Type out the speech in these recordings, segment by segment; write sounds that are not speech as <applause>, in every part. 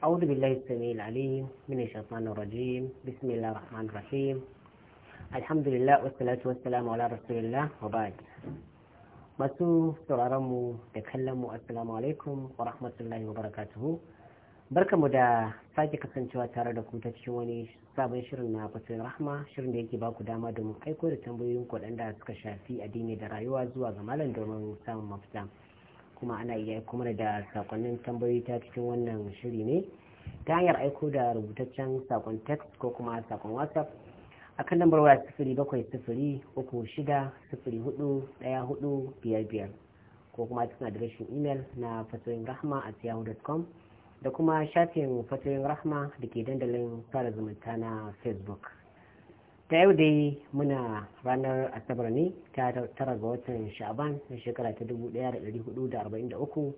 أعوذ بالله السميع العليم من الشيطان الرجيم بسم الله الرحمن الرحيم الحمد لله والصلاة والسلام على رسول الله وبعد masu sauraronmu da kallonmu assalamu alaikum wa rahmatullahi wa barakatuhu barkamu da sake kasancewa tare da ku ta cikin wani sabon shirin na fatoyin rahma shirin da yake ba ku dama domin aiko da tambayoyin waɗanda suka shafi addini da rayuwa zuwa ga malam domin samun mafita kuma ana iya kuma da sakonnin tambayoyi ta cikin wannan shiri ne ta hanyar aiko da rubutaccen sakon text ko kuma sakon whatsapp a kan lambar waya sifiri bakwai sifiri uku shida sifiri hudu daya hudu biyar biyar ko kuma cikin adireshin imel na fasoyin rahma a yahoo.com da kuma shafin fatoyin rahma da ke dandalin fara zumunta na facebook ta yau dai muna ranar asabar ne ta tara ga watan sha'aban na shekara ta 1443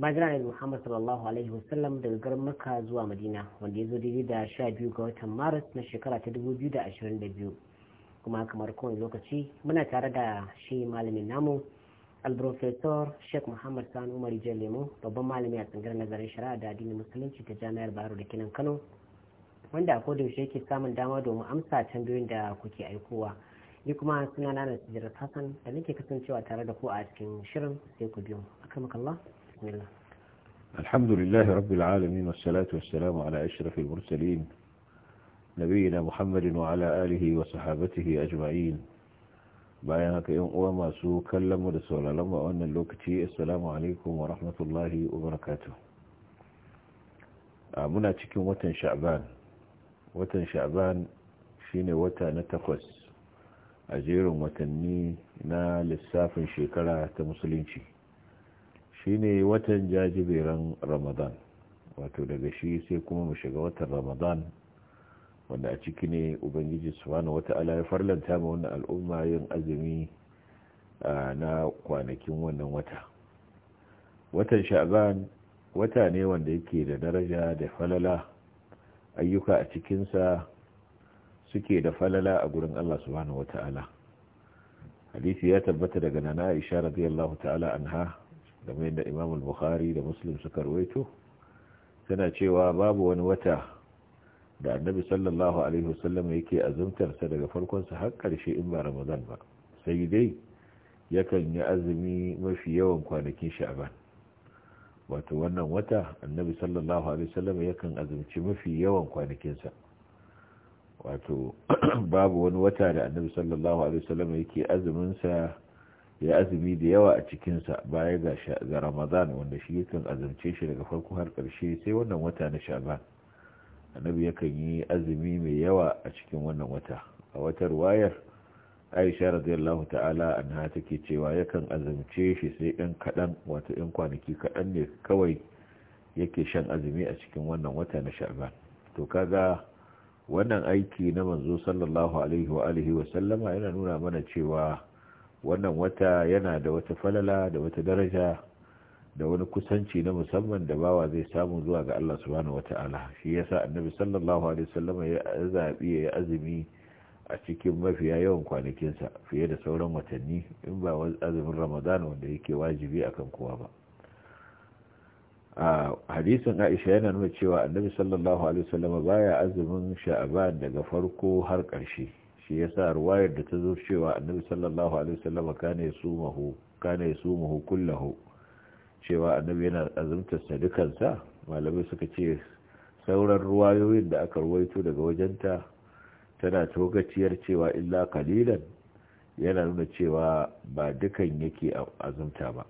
bajira ne muhammad sallallahu alaihi wasallam daga garin makka zuwa madina wanda ya zo daidai da sha biyu ga watan maris na shekara ta 2022 kuma kamar kowane lokaci muna tare da shi malamin namu alprofesor sheikh muhammad sani umar lemo babban malami a tsangar nazarin shari'a da addinin musulunci ta jami'ar baro da kinan kano wanda a koda yaushe yake samun dama domin amsa tambayoyin da kuke aikowa ni kuma suna na Sidirat Hassan da nake kasancewa tare da ku a cikin shirin sai ku biyo akramakallah bismillah الحمد لله رب العالمين والصلاة والسلام على أشرف muhammadin wa محمد وعلى آله وصحابته أجمعين bayan haka yan uwa masu kallon mu da sauraron mu a wannan lokaci assalamu alaikum wa rahmatullahi wa barakatuh muna cikin watan sha'ban watan sha'ban shine wata na takwas a jerin watanni na lissafin shekara ta musulunci shine watan jajiberan ramadan wato daga shi sai kuma mu shiga watan ramadan wanda a ciki ne ubangiji subhanahu wata'ala ya farlanta ma wannan al'umma yin azumi na kwanakin wannan wata watan sha'ban wata ne wanda yake da daraja da falala ayyuka a cikinsa suke da falala a gurin Allah subhanahu wata'ala hadisi ya tabbata daga nana Aisha radiyallahu ta'ala anha game da Imamul imamul bukhari da Muslim suka rawaito tana cewa babu wani wata da Annabi sallallahu alaihi wasallam yake azumtarsa daga farkonsa har karshe in ba Ramadan ba sai dai yakan yi azumi mafi yawan kwanakin sha'aban. wato wannan wata annabi sallallahu alaihi wasallam yakan azumci mafi yawan kwanakinsa wato <clears throat> babu wani wata da annabi sallallahu alaihi wasallam yake azuminsa ya azumi da yawa a cikinsa baya ga ga ramadan wanda shi yakan azumce shi daga farko har ƙarshe sai wannan wata na sha'ban annabi yakan yi azumi mai yawa a cikin wannan wata a watar wayar aisha radiyallahu ta'ala anha take cewa yakan azumce shi sai ɗan kaɗan wato ɗan kwanaki kaɗan ne kawai yake shan azumi a cikin wannan wata na sha'ban to kaga wannan aiki na manzo sallallahu alaihi wa alihi wa sallama yana nuna mana cewa wannan wata yana da wata falala da wata daraja da wani kusanci na musamman da bawa zai samu zuwa ga Allah subhanahu wata'ala shi yasa annabi sallallahu alaihi ya zabi ya azumi a cikin mafiya yawan kwanakinsa fiye da sauran watanni in ba azumin ramadan wanda yake wajibi akan kowa ba a hadisin aisha yana nuna cewa annabi sallallahu alaihi wasallam baya azumin sha'aban daga farko har ƙarshe shi yasa ruwayar da ta zo cewa annabi sallallahu alaihi wasallam kana yasumahu kana kullahu cewa annabi yana azumta sa dukansa malamai suka ce sauran ruwayoyin da aka ruwaito daga wajenta tana togaciyar cewa illa kalilan yana nuna cewa ba dukan yake azumta ba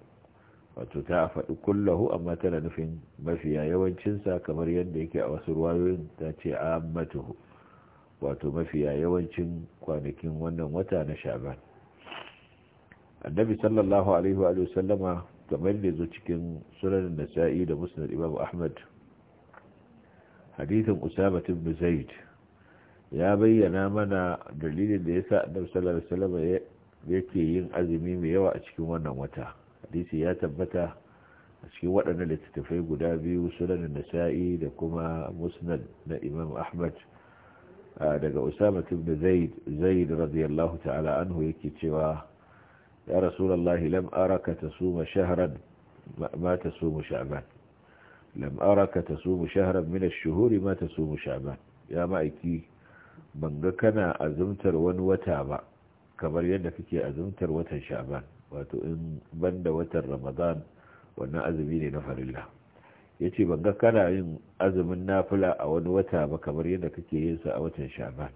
wato ta faɗi kullahu amma tana nufin mafiya yawancinsa kamar yadda yake a wasu ruwayoyin ta ce ammatuhu wato mafiya yawancin kwanakin wannan wata na sha'ban annabi sallallahu alaihi wa sallama kamar da zo cikin sunan nasa'i da musnad imam ahmad hadithin usama ibn zaid ya bayyana mana dalilin da ya sa annabi sallallahu alaihi yake yin azumi mai yawa a cikin wannan wata hadisi ya tabbata a cikin waɗannan littattafai guda biyu sunan nasa'i da kuma musnad na imam ahmad daga usama ibn zaid zaid radiyallahu ta'ala anhu yake cewa ya rasulullahi lam araka tasuma shahran ma tasumu sha'ban lam araka tasumu shahran min ash-shuhuri ma tasumu sha'ban ya ma'aiki ban ga kana azumtar wani wata ba kamar yadda kake azumtar watan sha'ban wato in banda watan ramadan wannan azumi ne na farilla ya ce ban ga kana yin azumin nafila a wani wata ba kamar yadda kake yin sa a watan sha'ban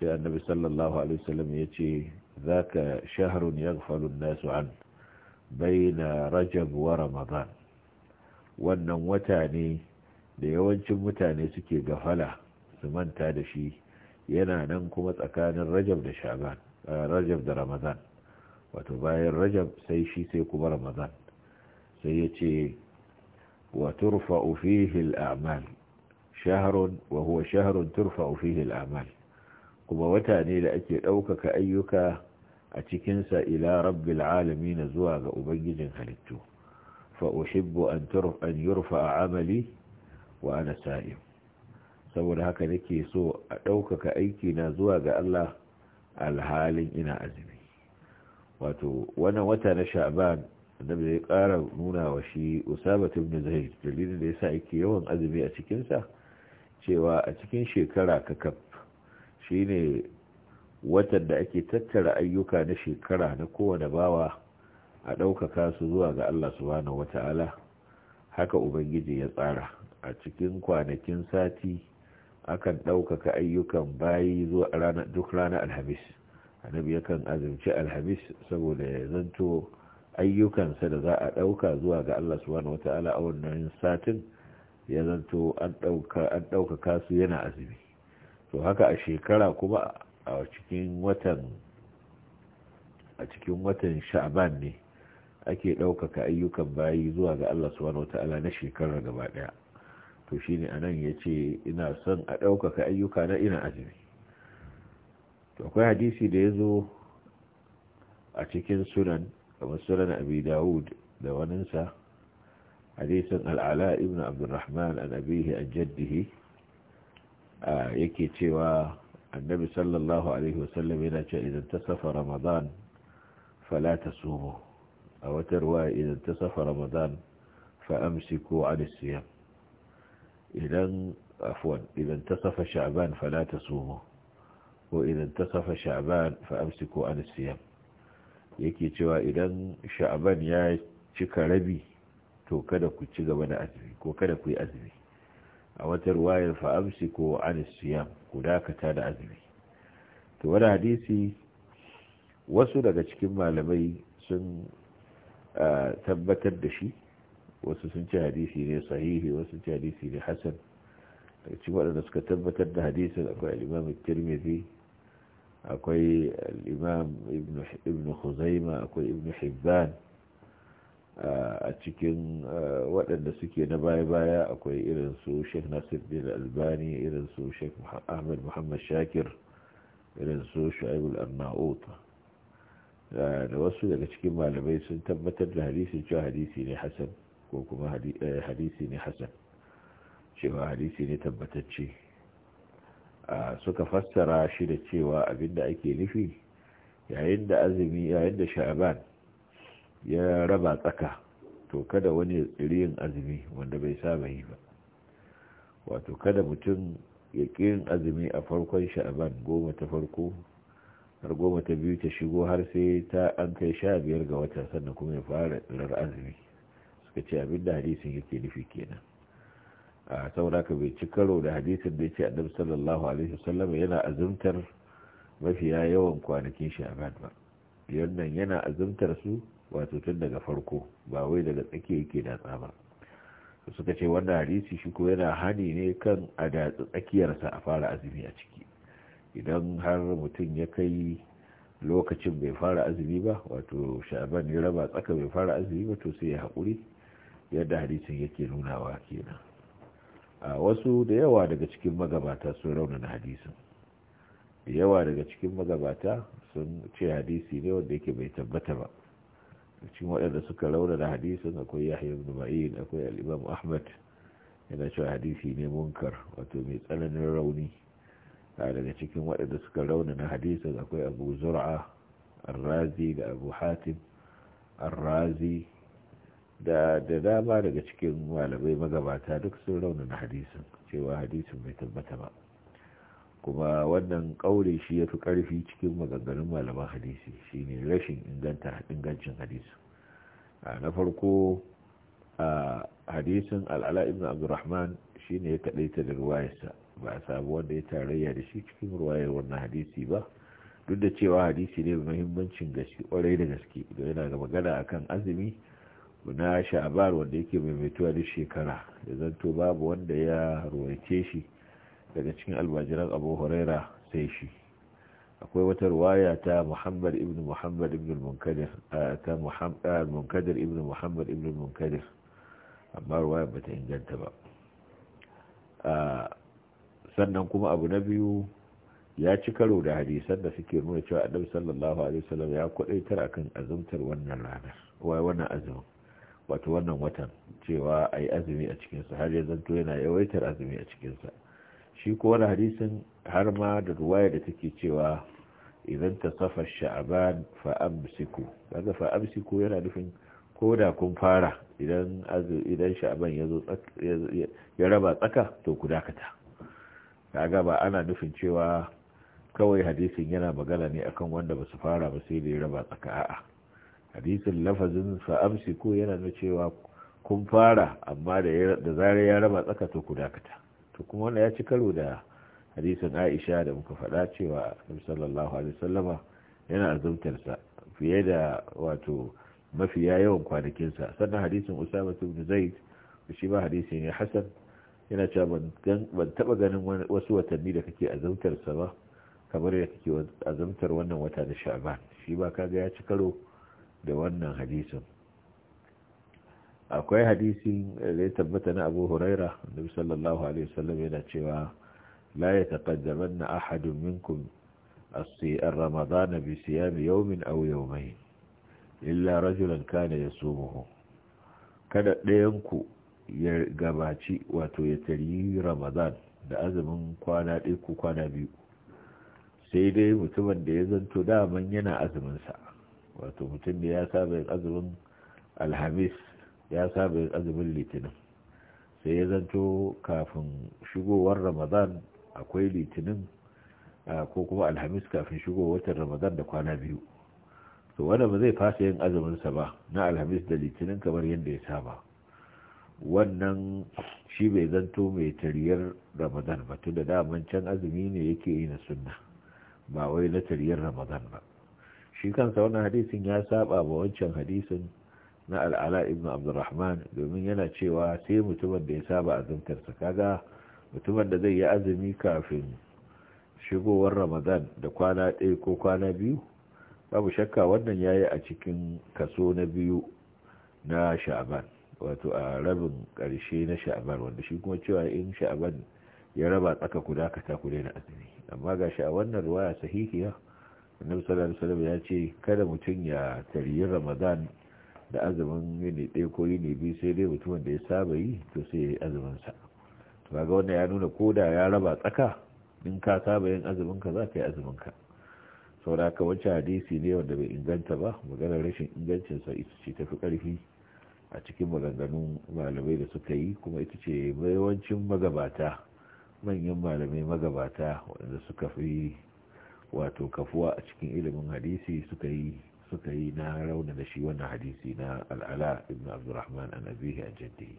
sai annabi sallallahu alaihi wasallam ya ce zaka shaharun ya faru nasu an na rajab wa ramadan wannan wata ne da yawancin mutane suke gafala su manta da shi yana nan kuma tsakanin rajab da shaban rajab da ramadan wato bayan rajab sai shi sai kuma ramadan sai ya ce wa turfa'u fihi al'amal shahrun wa huwa shahrun turfa fihi amal kuma wata ne da ake ɗaukaka ayyuka a cikinsa ila rabbil alamin zuwa ga ubangijin halittu fa uhibbu an turfa an yurfa amali wa ana sa'im saboda haka nake so a ɗaukaka aiki na zuwa ga Allah alhalin ina azumi wato wannan wata na sha'ban annabi ya ƙara nuna wa shi usama ibn zaid dalilin da yasa yake yawan azumi a cikin sa cewa a cikin shekara ka kakaf shine watan da ake tattara ayyuka na shekara na kowane bawa a ɗaukaka su zuwa ga Allah subhanahu wata'ala haka ubangiji ya tsara a cikin kwanakin sati akan ɗaukaka ayyukan bayi zuwa duk ranar alhamis annabi yakan azumci alhamis saboda ya zanto ayyukansa da za a ɗauka zuwa ga Allah subhanahu wata'ala a wannan satin ya zanto an ɗaukaka su yana azumi to haka a shekara kuma a cikin watan a sha'ban ne ake ɗaukaka ayyukan bayi zuwa ga Allah subhanahu wata'ala na shekara gaba ɗaya to shi ne a nan ya ce ina son a ɗaukaka ayyuka na ina azumi to akwai hadisi da ya zo a cikin sunan kamar sunan abi dawud da waninsa hadisin al'ala ibn abdurrahman an abihi an jaddihi yake cewa annabi sallallahu alaihi wasallam yana ce idan ta safa ramadan fala ta sumo a wata ruwa idan ta safa ramadan fa ko an siyan. idan afwan idan tasafa sha'ban fala tasumu ko idan tasafa sha'ban fa amsiku an siyam yake cewa idan sha'ban ya cika rabi to kada ku ci gaba da azumi ko kada ku yi azumi a wata ruwayar fa amsiku an siyam ku dakata da azumi to wani hadisi wasu daga cikin malamai sun ah, tabbatar da shi wasu sun ce hadisi ne sahihi wasu sun hadisi ne hasan daga cikin waɗanda suka tabbatar da hadisin akwai al'imam tirmidhi akwai al'imam ibn khuzaima akwai ibn hibban a cikin waɗanda suke na baya-baya akwai irin su sheikh nasir bin albani irin su sheikh ahmad muhammad shakir irin su shu'aib al da wasu daga cikin malamai sun tabbatar da hadisi cewa hadisi ne hasan ko kuma eh, hadisi ne hasan cewa hadisi ne tabbatacce suka fassara shi da cewa abinda ake nufi yayin da azumi yayin da sha'aban ya raba tsaka to kada wani ya azumi wanda bai saba yi ba wato kada mutum ya yin azumi a farkon sha'aban goma ta farko har goma ta biyu ta shigo har sai ta an kai sha biyar ga wata sannan kuma ya fara tsirar azumi suka ce abin da hadisin yake nufi kenan a saboda ka bai ci karo da hadisin da yake annabi sallallahu alaihi wasallam yana azumtar mafiya yawan kwanakin sha'ban ba yannan yana azumtar su wato tun daga farko ba wai daga tsakiya yake da ba suka ce wannan hadisi shi ko yana hani ne kan a tsakiyar tsakiyarsa a fara azumi a ciki idan har mutum ya kai lokacin bai fara azumi ba wato sha'ban ya raba tsaka bai fara azumi ba to sai ya haƙuri yadda hadisin yake nunawa kenan a wasu da yawa daga cikin magabata sun raunana hadisin da yawa daga cikin magabata sun ce hadisi ne wanda yake bai tabbata ba cikin waɗanda suka raunana hadisin akwai yahya ibn ma'in akwai al ahmad yana cewa hadisi ne munkar wato mai tsananin rauni A daga cikin waɗanda suka raunana hadisin akwai abu zur'a ar-razi da abu hatim ar-razi da da dama daga cikin malamai magabata duk sun na hadisin cewa hadisin bai tabbata ba kuma wannan kaure shi ya fi karfi cikin maganganun malaman hadisi shine rashin inganta ingancin hadisi na farko a hadisin al'ala ibn abdurrahman shine ya ta da ruwayarsa ba a sabu wanda ya tarayya da shi cikin ruwayar wannan hadisi ba duk da cewa hadisi ne muhimmancin gaske kwarai da gaske da yana ga magana akan azumi na sha'abar wanda yake maimaituwa duk shekara da zanto babu wanda ya ruwaice shi daga cikin albajiran abu huraira sai shi akwai wata ruwaya ta muhammad ibn muhammad ibn munkadir ta munkadir ibn muhammad ibn munkadir amma ruwaya ba ta inganta ba sannan kuma abu na biyu ya ci karo da hadisan da suke nuna cewa annabi sallallahu alaihi wasallam ya kwadaitar akan azumtar wannan ranar wai wannan azumin wato wannan watan cewa ayi azumi a cikinsa har ya zanto yana yawaitar azumi a cikinsa shi ko wani hadisin har ma da ruwaya da take cewa idan ta safa sha'aban fa'amsiku kaga fa'amsiku yana nufin ko da kun fara idan idan sha'aban ya ya raba tsaka to ku dakata kaga ba ana nufin cewa kawai hadisin yana magana ne akan wanda ba su fara ba sai da ya raba tsaka a'a hadisin lafazin ko yana nuna cewa kun fara amma da zarar ya raba tsaka to ku dakata to kuma wannan ya ci karo da hadisin Aisha da muka faɗa cewa Annabi sallallahu alaihi wasallama yana azumtar sa fiye da wato mafiya yawan kwanakin sa sannan hadisin Usama ibn Zaid shi ba hadisin ya hasan yana cewa ban taba ganin wasu watanni da kake azumtar sa ba kamar da kake azumtar wannan wata da Sha'ban shi ba kaga ya ci karo da wannan hadisin akwai hadisin da ya tabbata na abu huraira da sallallahu alaihi wasallam yana cewa la ya taƙaddaman na ahadun minkum a ramadana bi siyami yaumin au yaumai illa rajulan kana ya somuhu kada ɗayanku ya gabaci wato ya tari ramadan da azumin kwana ɗaya ko kwana biyu sai dai mutumin da ya zanto daman yana azuminsa wato mutum ne ya saba yin azumin alhamis ya saba yin azumin litinin sai ya zanto kafin shigowar ramadan akwai litinin ko kuma alhamis kafin shigowar watan ramadan da kwana biyu to wanda ba zai fasa yin azumin sa ba na alhamis da litinin kamar yadda ya saba wannan shi bai zanto mai tariyar ramadan ba tunda da daman can azumi ne yake yi na sunna ba wai na tariyar ramadan ba shi kansa wannan hadisin ya saba ba wancan hadisin na al'ala ibn abdurrahman domin yana cewa sai mutumin da ya saba azumtarsa kaga mutumin da zai yi azumi kafin shigowar ramadan da kwana ɗaya ko kwana biyu babu shakka wannan ya yi a cikin kaso na biyu na sha'aban wato a rabin ƙarshe na sha'aban wanda shi kuma cewa in sha'aban ya raba tsaka kuda dakata kudai na azumi amma ga sha'awar na ruwaya sahihiya annabi sallallahu alaihi wasallam ya ce kada mutum ya tarihi ramadan da azumin yini ɗaya ko yini biyu sai dai mutumin da ya saba yi to sai ya yi azumin sa to kaga wannan ya nuna ko da ya raba tsaka in ka saba yin azumin ka za ka yi azumin ka saboda haka wancan hadisi ne wanda bai inganta ba maganar rashin ingancin sa ita ce tafi karfi a cikin maganganun malamai da suka yi kuma ita ce yawancin magabata manyan malamai magabata waɗanda suka fi wato kafuwa a cikin ilimin hadisi suka yi suka yi na rauna da shi wannan hadisi na al'ala ibn abdurrahman an abihi a jaddihi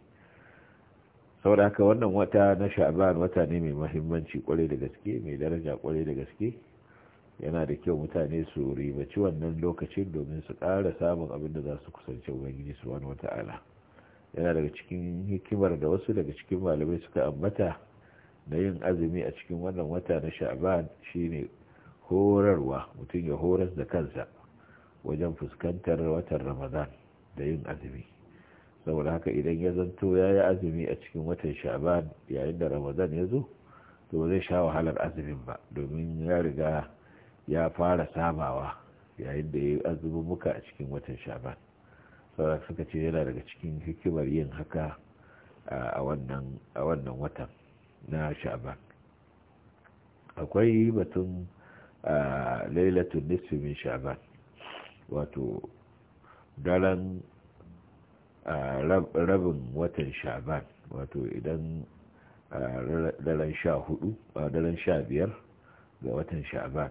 saboda haka wannan wata na sha'ban wata ne mai mahimmanci kwarai da gaske mai daraja kwarai da gaske yana da kyau mutane su ribaci wannan lokacin domin su ƙara samun abin da za su kusance ubangiji su wani wata'ala yana daga cikin hikimar da wasu daga cikin malamai suka ambata na yin azumi a cikin wannan wata na sha'ban shine horarwa mutum ya horas da kansa wajen fuskantar watan ramadan da yin azumi saboda haka idan ya zanto ya yi azumi a cikin watan sha'ban yayin da ramadan ya zo to ba zai sha wahalar azumin ba domin ya riga ya fara sabawa yayin da ya yi azumin muka a cikin watan sha'ban saboda suka ce yana daga cikin hikimar yin haka a wannan watan na sha'ban akwai batun a lailatul nisfi min sha'ban wato daren rabin watan sha'ban wato idan daren sha hudu a daren sha biyar ga watan sha'ban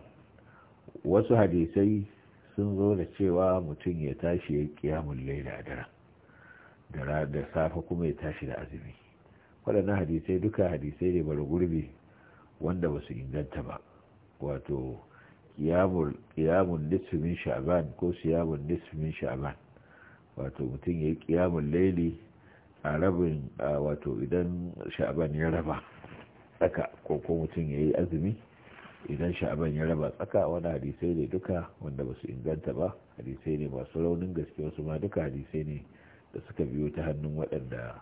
wasu hadisai sun zo da cewa mutum ya tashi ya kiyamun laila a daren da safe kuma ya tashi da azumi waɗannan hadisai duka hadisai ne bar gurbi wanda ba su inganta ba wato kiyamun nisfin sha'ban ko siyamun nisfin sha'ban wato mutum ya yi kiyamun laili a rabin wato idan sha'ban ya raba tsaka ko ko mutum ya yi azumi idan shaban ya raba tsaka wani hadisai ne duka wanda ba su inganta ba hadisai ne masu raunin gaske wasu ma duka hadisai ne da suka biyo ta hannun waɗanda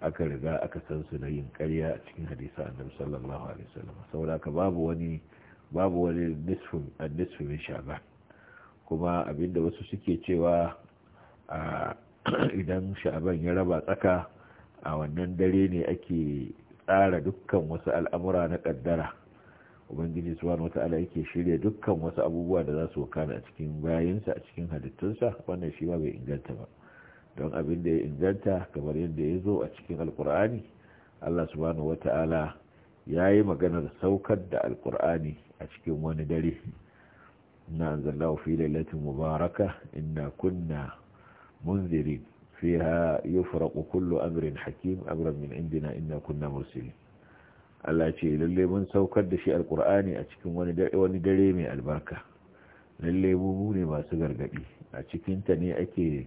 aka riga aka san su na yin karya a cikin hadisan annabi sallallahu alaihi wasallam saboda ka babu wani babu wani nisfin a nisfin sha'ban kuma abinda wasu suke cewa <clears throat> idan sha'aban ya raba tsaka a wannan dare ne ake tsara dukkan wasu al'amura na kaddara ubangiji subhanahu wata'ala yake shirya dukkan wasu abubuwa da za su wakana a cikin bayansa a cikin halittunsa wannan shi ba bai inganta ba don abin da ya inganta kamar yadda ya zo a cikin alkur'ani allah subhanahu wata'ala ya yi maganar saukar da alkur'ani a cikin wani dare na anzalnahu fi lailatin mubaraka inna kunna munzirin yi faraƙo kullu Amirin hakim amran min indina inna kunna mursalin Allah ce lalle mun saukar da shi alkur'ani a cikin wani dare mai albarka lalle mu ne masu gargaɗi a cikinta ne ake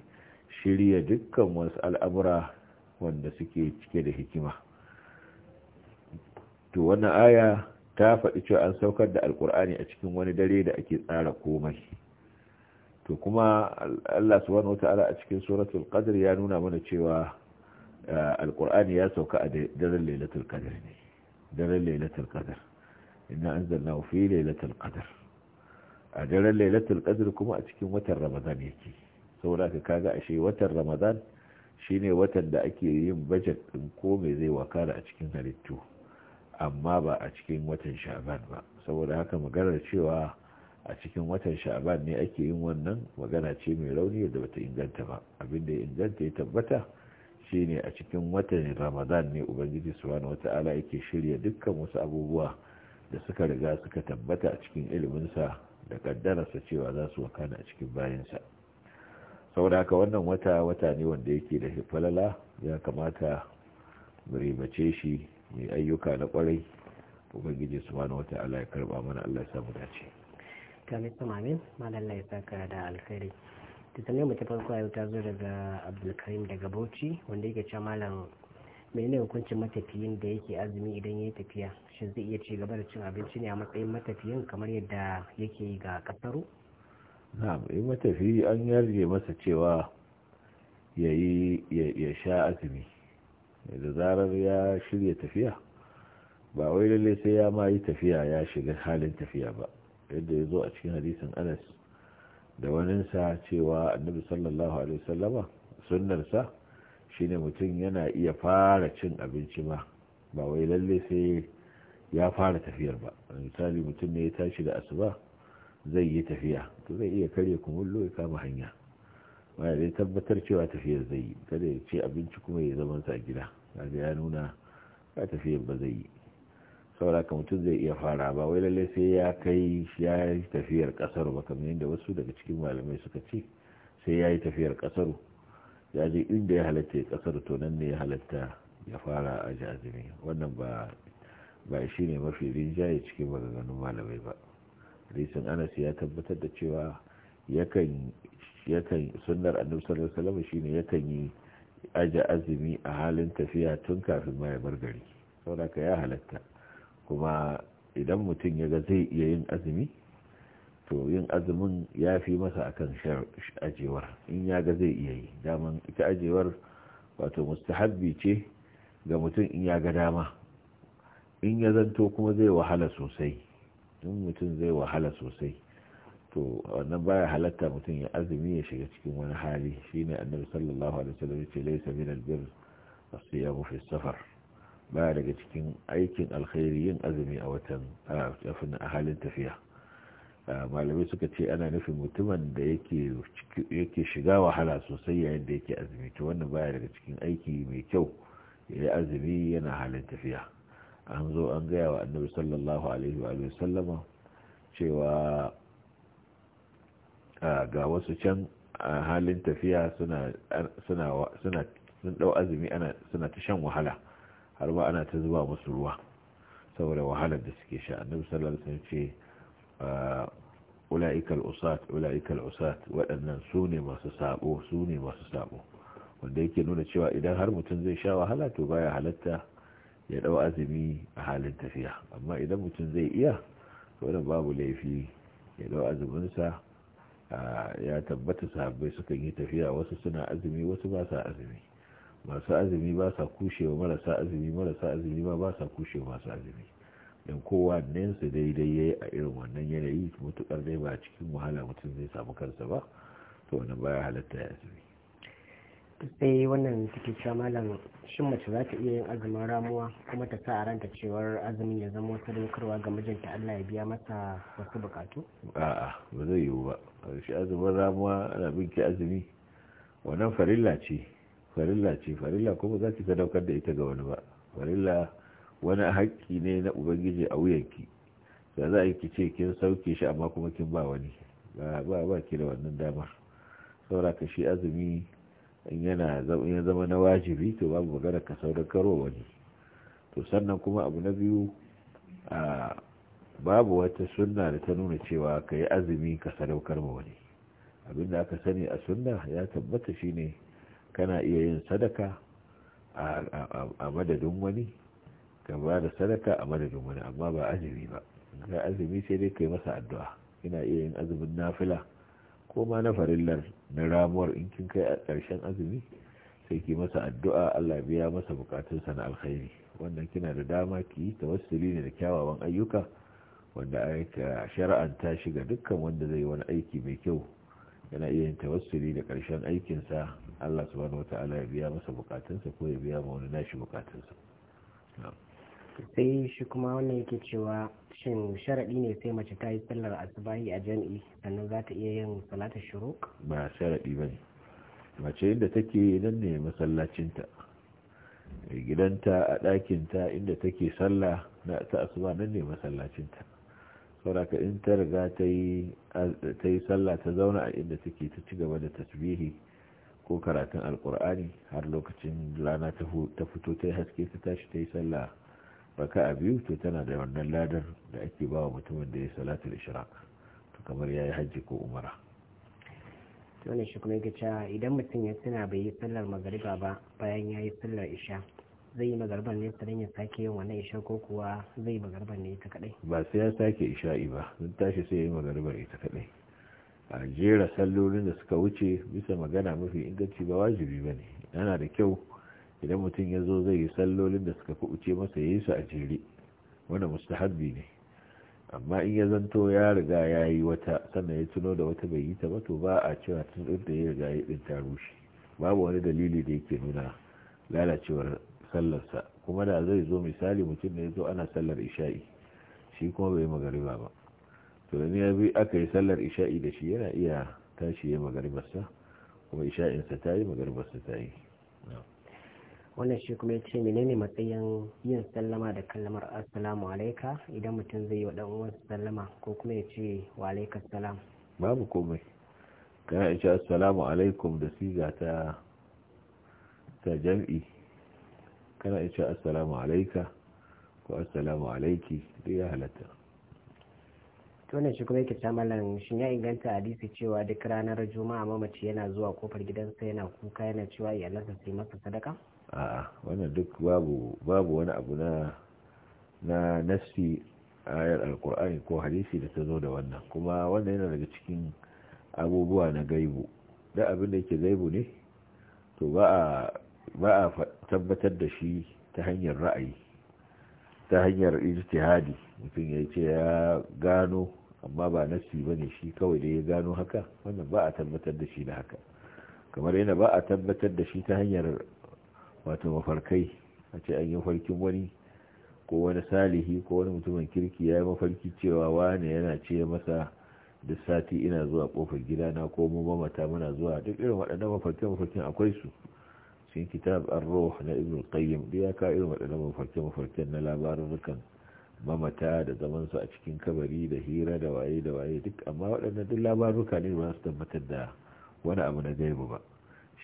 shirya dukkan wasu al'amura wanda suke cike da hikima to wannan aya ta faɗi cewa an saukar da alkur'ani a cikin wani dare da ake tsara komai to kuma Allah subhanahu wata'ala a cikin suratul qadr ya nuna mana cewa eh, alƙur'ani ya sauka a daren lailatul qadr ne daren lailatul qadr inna anzalnahu fi lailatul qadr a daren lailatul qadr kuma a cikin watan ramadan yake saboda ka kaga ashe watan ramadan shine watan da ake yin budget din ko me zai wakala a cikin halittu amma ba a cikin watan sha'ban ba saboda haka maganar cewa a cikin watan sha'ban ne ake yin wannan magana ce mai rauni da bata inganta ba abinda da inganta ya tabbata shine a cikin watan ramadan ne ubangiji subhanahu wata'ala yake shirya dukkan wasu abubuwa da suka riga suka tabbata a cikin iliminsa da kaddararsa cewa za su wakana a cikin bayansa saboda haka wannan wata wata ne wanda yake da falala ya kamata mu ribace shi mai ayyuka na kwarai ubangiji wata ala ya karba mana Allah ya samu dace kamin samamin malalla ya saka da alkhairi ta mu ta farko yau ta zo daga abdulkarim daga bauchi wanda yake cewa malam menene hukuncin matafiyin da yake azumi idan ya yi tafiya shin zai iya ci gaba da cin abinci ne a matsayin matafiyin kamar yadda yake ga kasaru na'am in eh, matafiyi an yarje masa cewa ya sha azumi da zarar ya shirya tafiya ba wai lalle sai ya ma yi tafiya ya shiga halin tafiya ba yadda ya zo a cikin hadisin anas da waninsa cewa annabi sallallahu alaihi wasallama sunnarsa shine mutum yana iya fara cin abinci ma ba wai lalle sai ya fara tafiyar ba misali mutum ne ya tashi da asuba zai yi tafiya to zai iya karya kumullo ya kama hanya wanda zai tabbatar cewa tafiyar zai yi kada ya ce abinci kuma ya zama sa gida kada ya nuna ba tafiyar ba zai yi saboda ka mutum zai iya fara ba wai lalle sai ya kai ya yi tafiyar kasar ba kamar yadda wasu daga cikin malamai suka ce sai ya yi tafiyar kasar ya je inda ya halatta ya kasar to nan ne ya halatta ya fara a ji wannan ba ba shi ne mafi rinjaye cikin maganganun malamai ba hadisin anas ya tabbatar da cewa yakan yakan sunnar annabi sallallahu alaihi shine yakan yi aje azumi a halin tafiya tun kafin ma bar gari saboda ka ya halatta kuma idan mutum ya ga zai iya yin azumi to yin azumin ya fi masa akan ajewar in ya ga zai iya yi daman ita ajewar wato mustahabbi ce ga mutum in ya ga dama in ya zanto kuma zai wahala sosai in mutum zai wahala sosai to wannan baya halatta mutum ya azumi ya shiga cikin wani hali shine annabi sallallahu alaihi wasallam ya ce laysa min albir asiyamu fi safar baya daga cikin aikin alkhairi yin azumi a watan a halin tafiya malamai suka ce ana nufin mutumin da yake shiga wahala sosai yayin da yake azumi to wannan baya daga cikin aiki mai kyau ya yi azumi yana halin tafiya an zo an gaya wa annabi sallallahu alaihi wa sallama cewa ga wasu can a halin tafiya suna sun dau azumi suna ta shan wahala har ba ana ta zuba musu ruwa saboda wahalar da suke sha annabi sallallahu alaihi wasallam ce ula'ikal usat ula'ikal usat waɗannan su ne masu sabo su ne masu sabo wanda yake nuna cewa idan har mutum zai sha wahala to baya halatta ya dau azumi a halin tafiya amma idan mutum zai iya to babu laifi ya dau azumin sa ya tabbata sahabbai sukan yi tafiya wasu suna azumi wasu ba sa azumi masu azumi ba sa kushewa marasa azumi marasa azumi ma ba sa kushewa masu azumi don kowa nensa daidai ya yi a irin wannan yanayi mutukar dai ba cikin wahala mutum zai samu kansa ba to Wani baya halatta ya azumi sai wannan take cewa malam shin mace za ta iya yin azumin ramuwa kuma ta sa a ranta cewar azumin ya zama dokarwa ga mijinta Allah ya biya masa wasu bukatu a'a ba zai yiwu ba shi azumin ramuwa ana binki azumi wannan farilla ce farilla ce farilla kuma za ki sadaukar da ita ga wani ba farilla wani haƙƙi ne na ubangiji a wuyanki da za a ki ce kin sauke shi amma kuma kin ba wani ba ba ki da wannan damar saboda ka shi azumi in yana ya zama na wajibi to babu magana ka saudakarwa wani to sannan kuma abu na biyu a babu wata sunna da ta nuna cewa ka yi azumi ka sadaukar ma wani abin da aka sani a sunna ya tabbata shine kana iya yin sadaka a madadin wani ka ba da sadaka a madadin wani amma ba azumi ba ga azumi sai dai ka yi masa addu'a ina iya yin azumin nafila ko ma na farillar na ramuwar in kin kai a ƙarshen azumi sai ki masa addu'a Allah biya masa bukatunsa na alkhairi wannan kina da dama ki yi tawassuli ne da kyawawan ayyuka wanda aika shar'anta shi shiga dukkan wanda zai wani aiki mai kyau yana iya yin tawassuli da ƙarshen aikinsa Allah subhanahu wata'ala ya biya masa bukatunsa ko ya biya ma wani nashi bukatunsa. sai shi kuma wannan yake cewa shin sharaɗi ne sai mace ta yi sallar asubahi a jami'i sannan za ta iya yin salata shuruk ba sharaɗi ba ne mace inda take nan ne masallacinta gidanta a ɗakinta inda take sallah na ta asuba nan ne masallacinta sauraka in ta riga ta yi sallah ta zauna a inda take ta ci gaba da tasbihi ko karatun alkur'ani har lokacin rana ta fito ta yi haske ta tashi ta yi sallah a biyu to tana da wannan ladar da ake ba wa mutumin da ya salatul ishraq to kamar ya yi hajji ko umara to ne shi kuma idan mutum ya tuna bai yi sallar magariba ba bayan ya yi sallar isha zai yi magarban ne sanin ya sake yin wannan isha ko kuwa zai yi magarban ne ita kadai ba sai ya sake isha'i ba sun tashi sai ya yi magarban ita kadai a jera sallolin da suka wuce bisa magana mafi inganci ba wajibi ba ne yana da kyau idan mutum ya zo zai yi sallolin da suka fi uce masa ya yi su a jere wanda mustahabbi ne amma in ya zanto ya riga ya yi wata sannan ya tuno da wata bai yi ta ba ba a cewa tun ɗin da ya riga ya ɗin ta rushe babu wani dalili da yake nuna lalacewar sallarsa kuma da zai zo misali mutum da ya zo ana sallar isha'i shi kuma bai magariba ba to da ya bi aka yi sallar isha'i da shi yana iya tashi ya magaribarsa kuma isha'insa ta yi magaribarsa ta yi wannan shi kuma ya ce menene matsayin yin sallama da kalmar assalamu alaika idan mutum zai yi wa dan uwansa sallama ko kuma ya ce wa alaika salam babu komai kana ya ce assalamu alaikum da siga ta ta jam'i kana ya ce assalamu alaika ko assalamu alaiki duk ya halatta Wannan shi kuma yake samalan shin ya inganta hadisi cewa duk ranar juma'a mamaci yana zuwa kofar gidansa yana kuka yana cewa iyalansa sai masa sadaka a'a wannan duk babu babu wani abu na na nasfi ayar alkur'ani ko hadisi da ta zo da wannan kuma wannan yana daga cikin abubuwa na gaibu da abin da yake gaibu ne to ba a ba a tabbatar da shi ta hanyar ra'ayi ta hanyar ijtihadi mutum ya ce ya gano amma ba ba bane shi kawai da ya gano haka wannan ba a tabbatar da shi da haka kamar yana ba a tabbatar da shi ta hanyar wato mafarkai a ce an yi farkin wani ko wani salihi ko wani mutumin kirki ya yi mafarki cewa wani yana ce masa duk sati ina zuwa kofar gidana ko mu mamata muna zuwa duk irin waɗannan mafarkin mafarkin akwai su cikin kitab arro ro na ibn qayyim da ya ka irin waɗannan mafarkin mafarkin na labarurukan mamata da zaman su a cikin kabari da hira da waye da waye duk amma waɗannan duk labaruka ne ba su tabbatar da wani abu na gaibu ba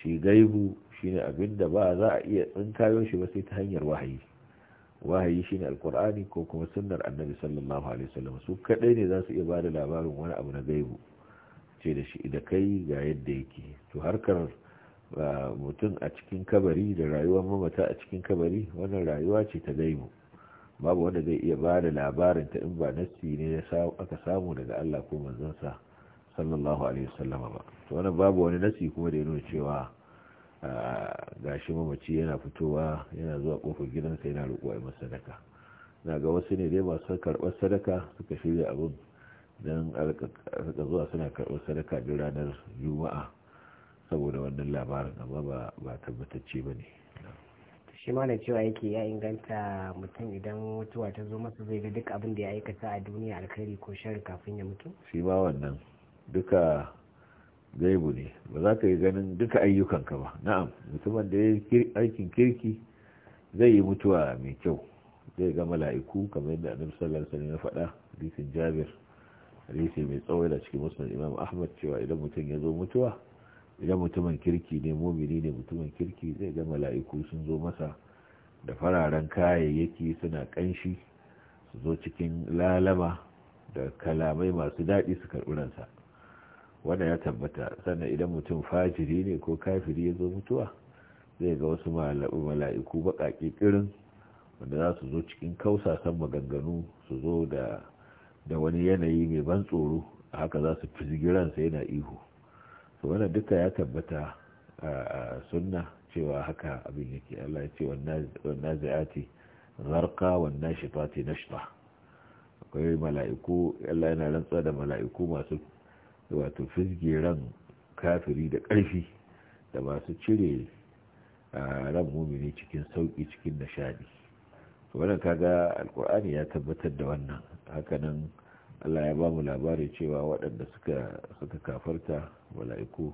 shi gaibu shine abin da ba za a iya tsinkayo shi ba sai ta hanyar wahayi wahayi shine alkur'ani ko kuma sunnar annabi sallallahu alaihi wasallam su kadai ne za su iya bada labarin wani abu na gaibu ce da shi da kai ga yadda yake to harkar mutum a cikin kabari da rayuwar mamata a cikin kabari wannan rayuwa ce ta gaibu babu wanda zai iya bada labarin ta in ba nasi ne aka samu daga Allah ko manzon sa sallallahu alaihi wasallama ba to wannan babu wani nasi kuma da ya nuna cewa gashi mamaci yana fitowa yana zuwa kofar gidansa yana roƙo a masa sadaka na ga wasu ne dai masu karɓar sadaka suka shirya abin don zuwa suna karɓar sadaka duk ranar juma'a saboda wannan labarin amma ba tabbatacce ba ne shi ma da cewa yake ya inganta mutum idan mutuwa ta zo masa zai ga duk abin da ya aikata a duniya alkhairi ko shari kafin ya mutu shi ma wannan duka gaibu ne ba za ka yi ganin duka ayyukanka ba na'am mutumin da ya yi aikin kirki zai yi mutuwa mai kyau zai ga mala'iku kamar yadda annabi sallallahu alaihi wasallam ya faɗa hadisin jabir hadisi mai tsawo da cikin musnad imam ahmad cewa idan mutum ya zo mutuwa idan mutumin kirki ne mumini ne mutumin kirki zai ga mala'iku sun zo masa da fararen kayayyaki suna kanshi su zo cikin lalama da kalamai masu daɗi su karɓi ransa wannan ya tabbata sannan idan mutum fajiri ne ko kafiri ya zo mutuwa zai ga wasu mala'iku baƙaƙe ƙirin wanda za su zo cikin kausasan maganganu su zo da wani yanayi mai ban tsoro a haka za su fizgiransa yana ihu su wannan duka ya tabbata a sunna cewa haka abin yake Allah ya ce wannan zai'ati zarka wannan shifati nashta akwai mala'iku Allah yana rantsa da mala'iku masu wato fizge ran kafiri da ƙarfi da masu cire ran mumini cikin sauƙi cikin nishadi wannan kaga alkur'ani ya tabbatar da wannan hakanan Allah ya ba mu labari cewa waɗanda suka kafarta mala'iku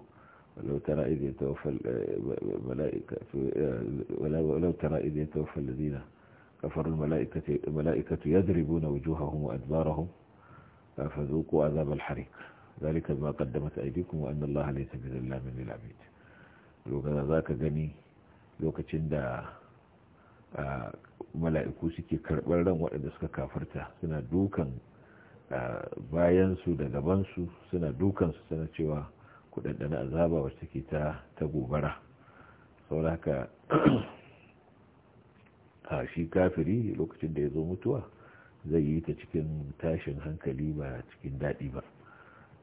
ولو ترى إذ يتوفى الملائكة ولو ترى إذ يتوفى الذين كفروا الملائكة الملائكة يضربون وجوههم وأدبارهم فذوقوا عذاب zalika bima qaddamat aydikum wa anna allaha laysa bizallamin lil abid lokacin zaka gani lokacin da mala'iku suke karɓar ran waɗanda suka kafarta suna dukan bayansu da gabansu suna dukansu suna cewa kudaddana azaba wacce take ta ta gobara saboda haka a shi kafiri lokacin da ya zo mutuwa zai yi ta cikin tashin hankali ba cikin daɗi ba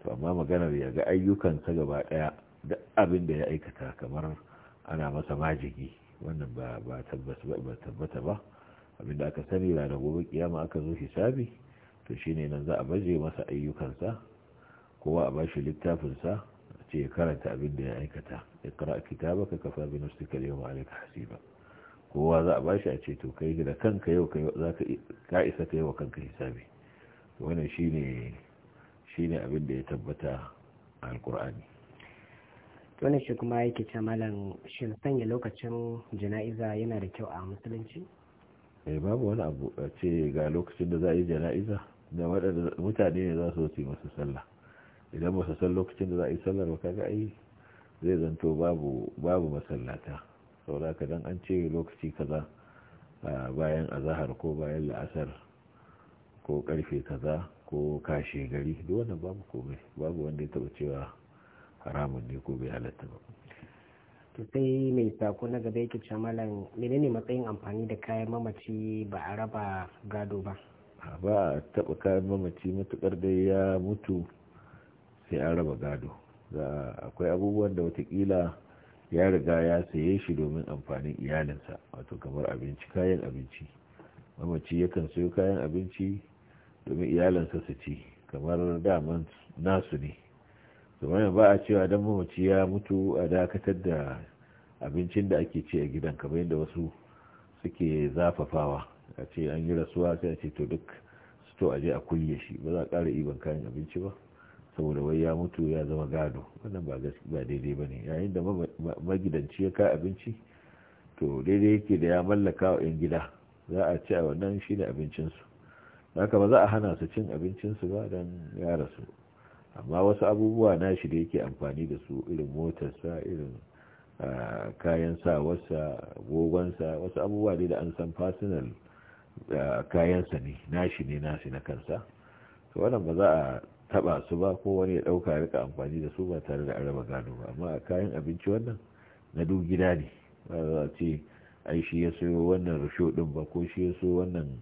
to amma maganar ya ga ayyukansa gaba ɗaya, da abin da ya aikata kamar ana masa majigi wannan ba ba tabbata ba abin aka sani da gobe kiyama aka zo hisabi to shine nan za a baje masa ayyukansa kowa a bashi littafinsa ce ya karanta abin da ya aikata ya kara kitabaka kafa bi nafsika al-yawma alayka hasiba kowa za a bashi a ce to kai da kanka yau kai za ka isa kai wa kanka hisabi wannan shine shine abin da ya tabbata a alkur'ani wani shi kuma yake ce malam shin sanya lokacin jana'iza yana da kyau a musulunci eh babu wani abu a ce ga lokacin da za a yi jana'iza da waɗanda mutane ne za su yi masu sallah idan ba su san lokacin da za a yi sallar ba kaga ai zai zanto babu babu masallata saboda ka dan an ce lokaci kaza bayan azahar ko bayan la'asar ko karfe kaza ko kashe gari duk wannan babu komai babu wanda ya taba cewa haramun ne ko bai halatta ba to sai mai sako na gaba yake cewa malam menene matsayin amfani da kayan mamaci ba a raba gado ba ba a taba kayan mamaci matukar dai ya mutu sai an raba gado akwai abubuwan da watakila ya riga ya saye shi domin amfanin iyalinsa wato kamar abinci kayan abinci mamaci yakan sayo kayan abinci domin iyalansa su ci kamar daman nasu ne kamar ba a cewa don mamaci ya mutu a dakatar da abincin da ake ci a gidan kamar yadda wasu suke zafafawa a ce an yi rasuwa sai a ce to duk to aje a kulle shi ba za a ƙara iban kayan abinci ba saboda wai ya mutu ya zama gado wannan ba daidai ba ne yayin da magidanci ya ka abinci to daidai yake da ya mallaka wa 'yan gida za a ci a wannan shi ne abincinsu haka ba za a hana su cin abincinsu ba don ya rasu amma wasu abubuwa na shi da yake amfani da su irin motarsa irin kayan sawarsa gogonsa wasu abubuwa ne da an san fasinal kayansa ne nashi ne nashi na kansa to wannan ba za a taba su ba ko wani ya dauka rika amfani da su ba tare da araba raba ba amma kayan abinci wannan na duk gida ne ba za a ce ai shi ya sayo wannan rushe din ba ko shi ya sayo wannan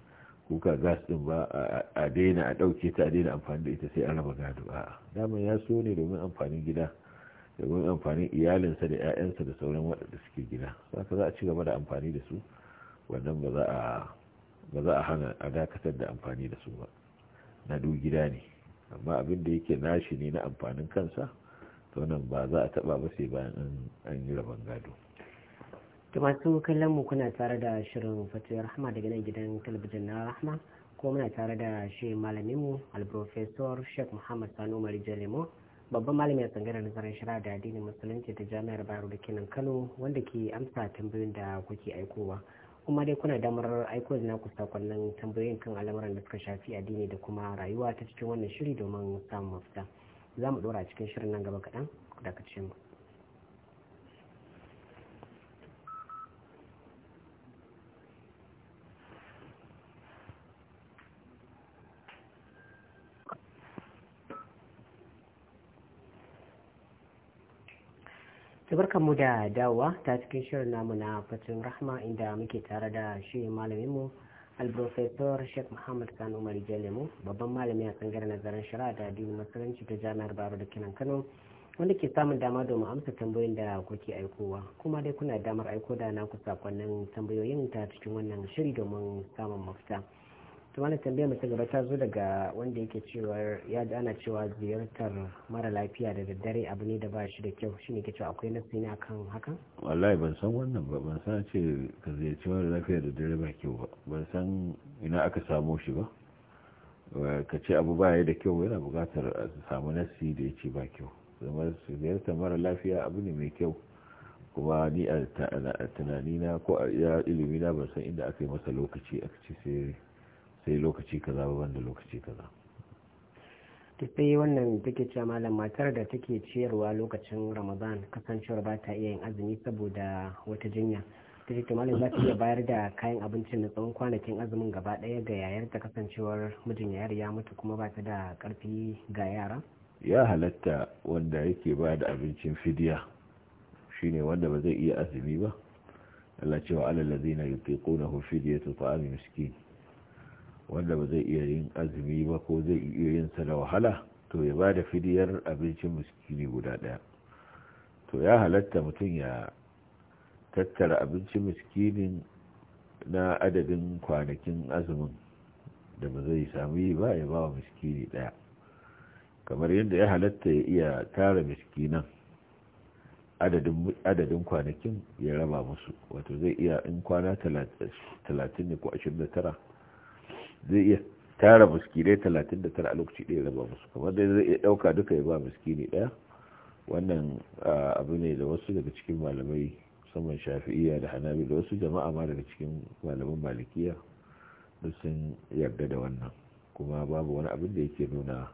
kuka gas din ba a daina a ɗauke ta a daina amfani da ita sai an raba gado a daman ya so ne domin amfanin gida domin amfanin iyalinsa da 'ya'yansa da sauran waɗanda suke gida haka za a ci gaba da amfani da su wannan ba za a hana a dakatar da amfani da su ba na du gida ne amma abin da yake nashi ne na amfanin kansa to ba za a taba ba sai bayan an yi rabon gado Da masu kallon mu kuna tare da shirin fatoyin rahama daga nan gidan talabijin na rahama ko muna tare da shi malaminmu alprofesor sheikh muhammad sani umar jalemo babban malami a tsangarar nazarin shari'a da addinin musulunci ta jami'ar bayero da kenan kano wanda ke amsa tambayoyin da kuke aikowa kuma dai kuna damar aiko da naku sakonnin tambayoyin kan al'amuran da suka shafi addini da kuma rayuwa ta cikin wannan shiri domin samun mafita za mu dora cikin shirin nan gaba kaɗan da ka mu. tabarkan mu da dawowa ta cikin shirin namu na fatin rahma inda muke tare da shi malaminmu alprofesor sheikh muhammad sani umar jalemu babban malami a tsangar nazarin shari'a da addinin musulunci ta jami'ar baro da kinan kano wanda ke samun dama domin amsa tambayoyin da kuke aikowa kuma dai kuna damar aiko da naku sakonnin tambayoyin ta cikin wannan shiri domin samun mafita tumana tambaya ta gaba ta zo daga wanda yake cewa ya ji ana cewa ziyartar mara lafiya da daddare abu ne da ba shi da kyau shi ne ke cewa akwai nasi ne akan hakan wallahi ban san wannan ba ban san ce ka ziyarci mara lafiya da daddare ba kyau ba ban san ina aka samo shi ba ka ce abu ba ya da kyau yana buƙatar a samu nasi da ya ce ba kyau zama ziyartar mara lafiya abu ne mai kyau kuma ni a tunanina ko a ilimina ban san inda aka yi masa lokaci aka ce sai sai lokaci kaza ba banda lokaci kaza to sai wannan take cewa malam matar da take ciyarwa lokacin ramadan kasancewar ba ta iya yin azumi saboda wata jinya ta ce malam za ta iya bayar da kayan abincin na tsawon kwanakin azumin gaba ɗaya ga yayar ta kasancewar mijin yayar ya mutu kuma ba ta da ƙarfi ga yara ya halatta wanda yake ba da abincin fidiya shine wanda ba zai iya azumi ba Allah cewa alal ladzina yutiqunahu fidyatu ta'am miskin wanda ba zai iya yin azumi ba ko zai iya yin sa da wahala to ya ba da fidiyar abincin miskini guda ɗaya to ya halatta mutum ya tattara abincin miskinin na adadin kwanakin azumin da ba zai samu yi ba ya ba wa miskini ɗaya kamar yadda ya halatta ya iya tara miskinan adadin kwanakin ya raba musu wato zai iya in kwana talatin ko ashirin zai iya tara muskilai talatin da tara a lokaci ɗaya raba musu kamar dai zai iya ɗauka duka ya ba muskini ɗaya wannan abu ne da wasu daga cikin malamai musamman shafi'iyya da hanabi da wasu jama'a ma daga cikin malaman malikiya duk sun yarda da wannan kuma babu wani abin da yake nuna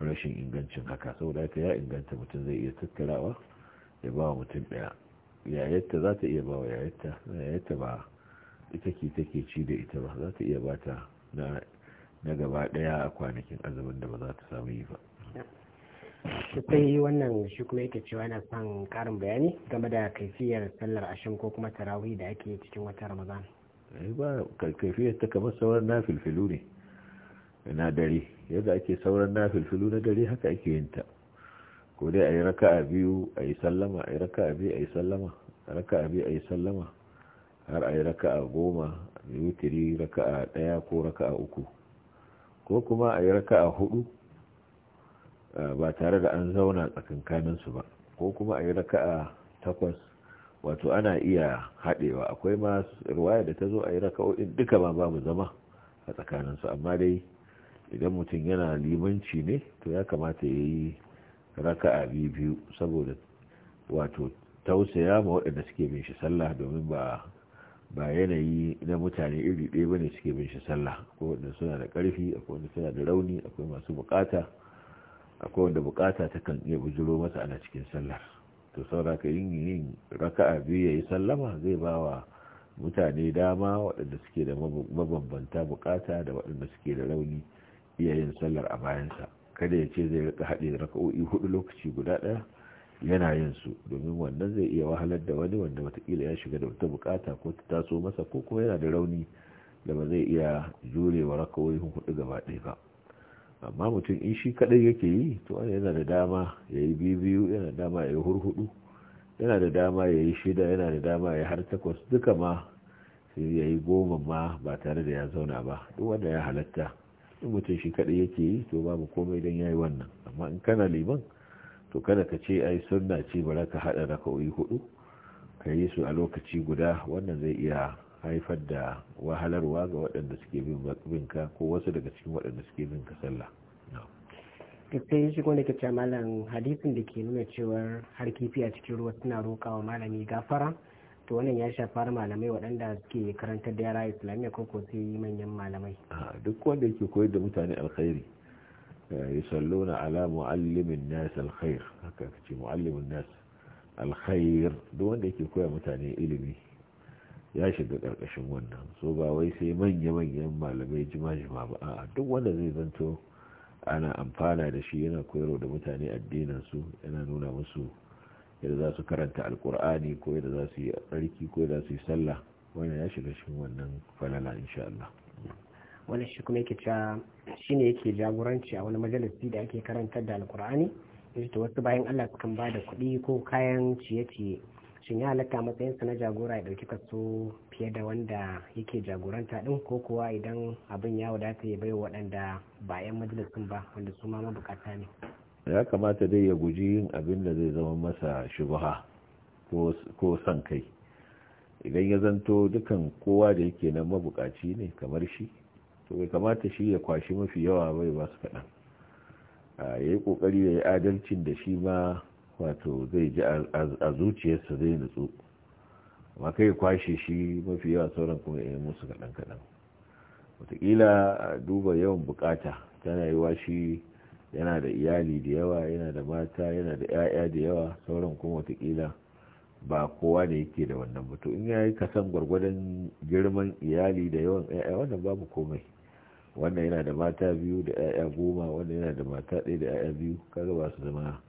rashin ingancin haka saboda haka ya inganta mutum zai iya tattarawa ya ba wa mutum ɗaya yayatta za ta iya ba wa ba ita ke take ci da ita ba za ta iya ba ta na gaba daya a kwanakin azumin da ba za ta samu yi ba sai wannan shi kuma yake cewa yana son karin bayani game da kaifiyar sallar asham ko kuma tarawih da ake cikin wata ramadan eh, ba kaifiyar ta kamar sauran na filfilu ne na dare yadda ake sauran na filfilu na dare haka ake yin ta ko dai a yi raka'a biyu a sallama a yi a biyu a sallama biyu a yi sallama har ayi yi raka'a goma biyu-tiri raka'a ɗaya ko raka'a uku ko kuma a raka'a hudu ba tare da an zauna tsakankaninsu ba ko kuma ayi raka'a takwas wato ana iya haɗewa akwai ma ruwaya da ta zo a yi duka ba babu zama a tsakaninsu amma dai idan mutum yana limanci ne to ya kamata ya yi raka'a biyu saboda wato tausaya ma waɗanda suke bin shi sallah domin ba ba yanayi na mutane iri ɗaya bane suke bin shi sallah akwai wanda suna da ƙarfi akwai wanda suna da rauni akwai masu bukata akwai wanda bukata ta kan iya bujiro masa ana cikin sallar to saura ka yin yin raka'a biyu yayi sallama zai ba wa mutane dama waɗanda suke da mabambanta bukata da waɗanda suke da rauni iya yin sallar a bayansa kada ya ce zai rika haɗe raka'o'i hudu lokaci guda ɗaya yana yin su domin wannan zai iya wahalar da wani wanda watakila ya shiga da wata bukata ko ta taso masa ko kuma yana da rauni da ba zai iya jurewa rakawai hudu gaba ɗaya ba amma mutum in shi kaɗai yake yi to wani yana da dama ya yi biyu yana da dama ya yi hurhudu yana da dama ya yi shida yana da dama ya yi har takwas duka ma sai ya yi goma ma ba tare da ya zauna ba duk wanda ya halatta in mutum shi kaɗai yake yi to babu komai don ya yi wannan amma in kana liman to kada ka ce ai sunna ce bara ka haɗa raka'o'i hudu ka yi su a lokaci guda wannan zai iya haifar da wahalarwa ga waɗanda suke bin ka ko wasu daga cikin waɗanda suke bin ka sallah sai shi wanda ke malam hadisin da ke nuna cewar har kifi a cikin ruwa suna roƙa wa malami gafara to wannan ya shafar malamai waɗanda suke karantar da yara islamiyya ko ko sai manyan malamai duk wanda yake koyar da mutane alkhairi yusalluna ala muallimin nas alkhair haka kace muallimin nas alkhair duk wanda yake koya mutane ilimi ya shiga karkashin wannan so ba wai sai manya-manyan malamai jima-jima ba a duk wanda zai zanto ana amfana da shi yana koyarwa da mutane addinin su yana nuna musu yadda za su karanta alkur'ani ko yadda za su yi tsarki ko yadda za su yi sallah wannan ya shiga cikin wannan falala insha Allah wani shi kuma yake cewa shine yake jagoranci a wani majalisi da ake karantar da alkur'ani yace wasu bayan Allah kan ba da kuɗi ko kayan ciye-ciye shin ya halatta sa na jagora ya ɗauki kaso fiye da wanda yake jagoranta ɗin ko kuwa idan abin ya wadata ya bai waɗanda ba 'yan majalisun ba wanda su ma mabukata ne ya kamata dai ya guji yin abin da zai zama masa shubaha ko son kai idan ya zanto dukan kowa da yake nan mabukaci ne kamar shi to bai kamata shi ya kwashi mafi yawa bai ba su kaɗan ya yi ƙoƙari ya yi adalcin da shi ma wato zai ji a zuciyarsa zai nutsu amma kai ya kwashe shi mafi yawa sauran kuma ya yi musu kaɗan kaɗan wataƙila duba yawan bukata tana yi shi yana da iyali da yawa yana da mata yana da 'ya'ya da yawa sauran kuma wataƙila ba kowa ne yake da wannan ba to in ya yi kasan gwargwadon girman iyali da yawan 'ya'ya wannan babu komai wannan yana da mata biyu da 'ya'ya goma wannan yana da mata ɗaya da 'ya'ya biyu kaga ba su zama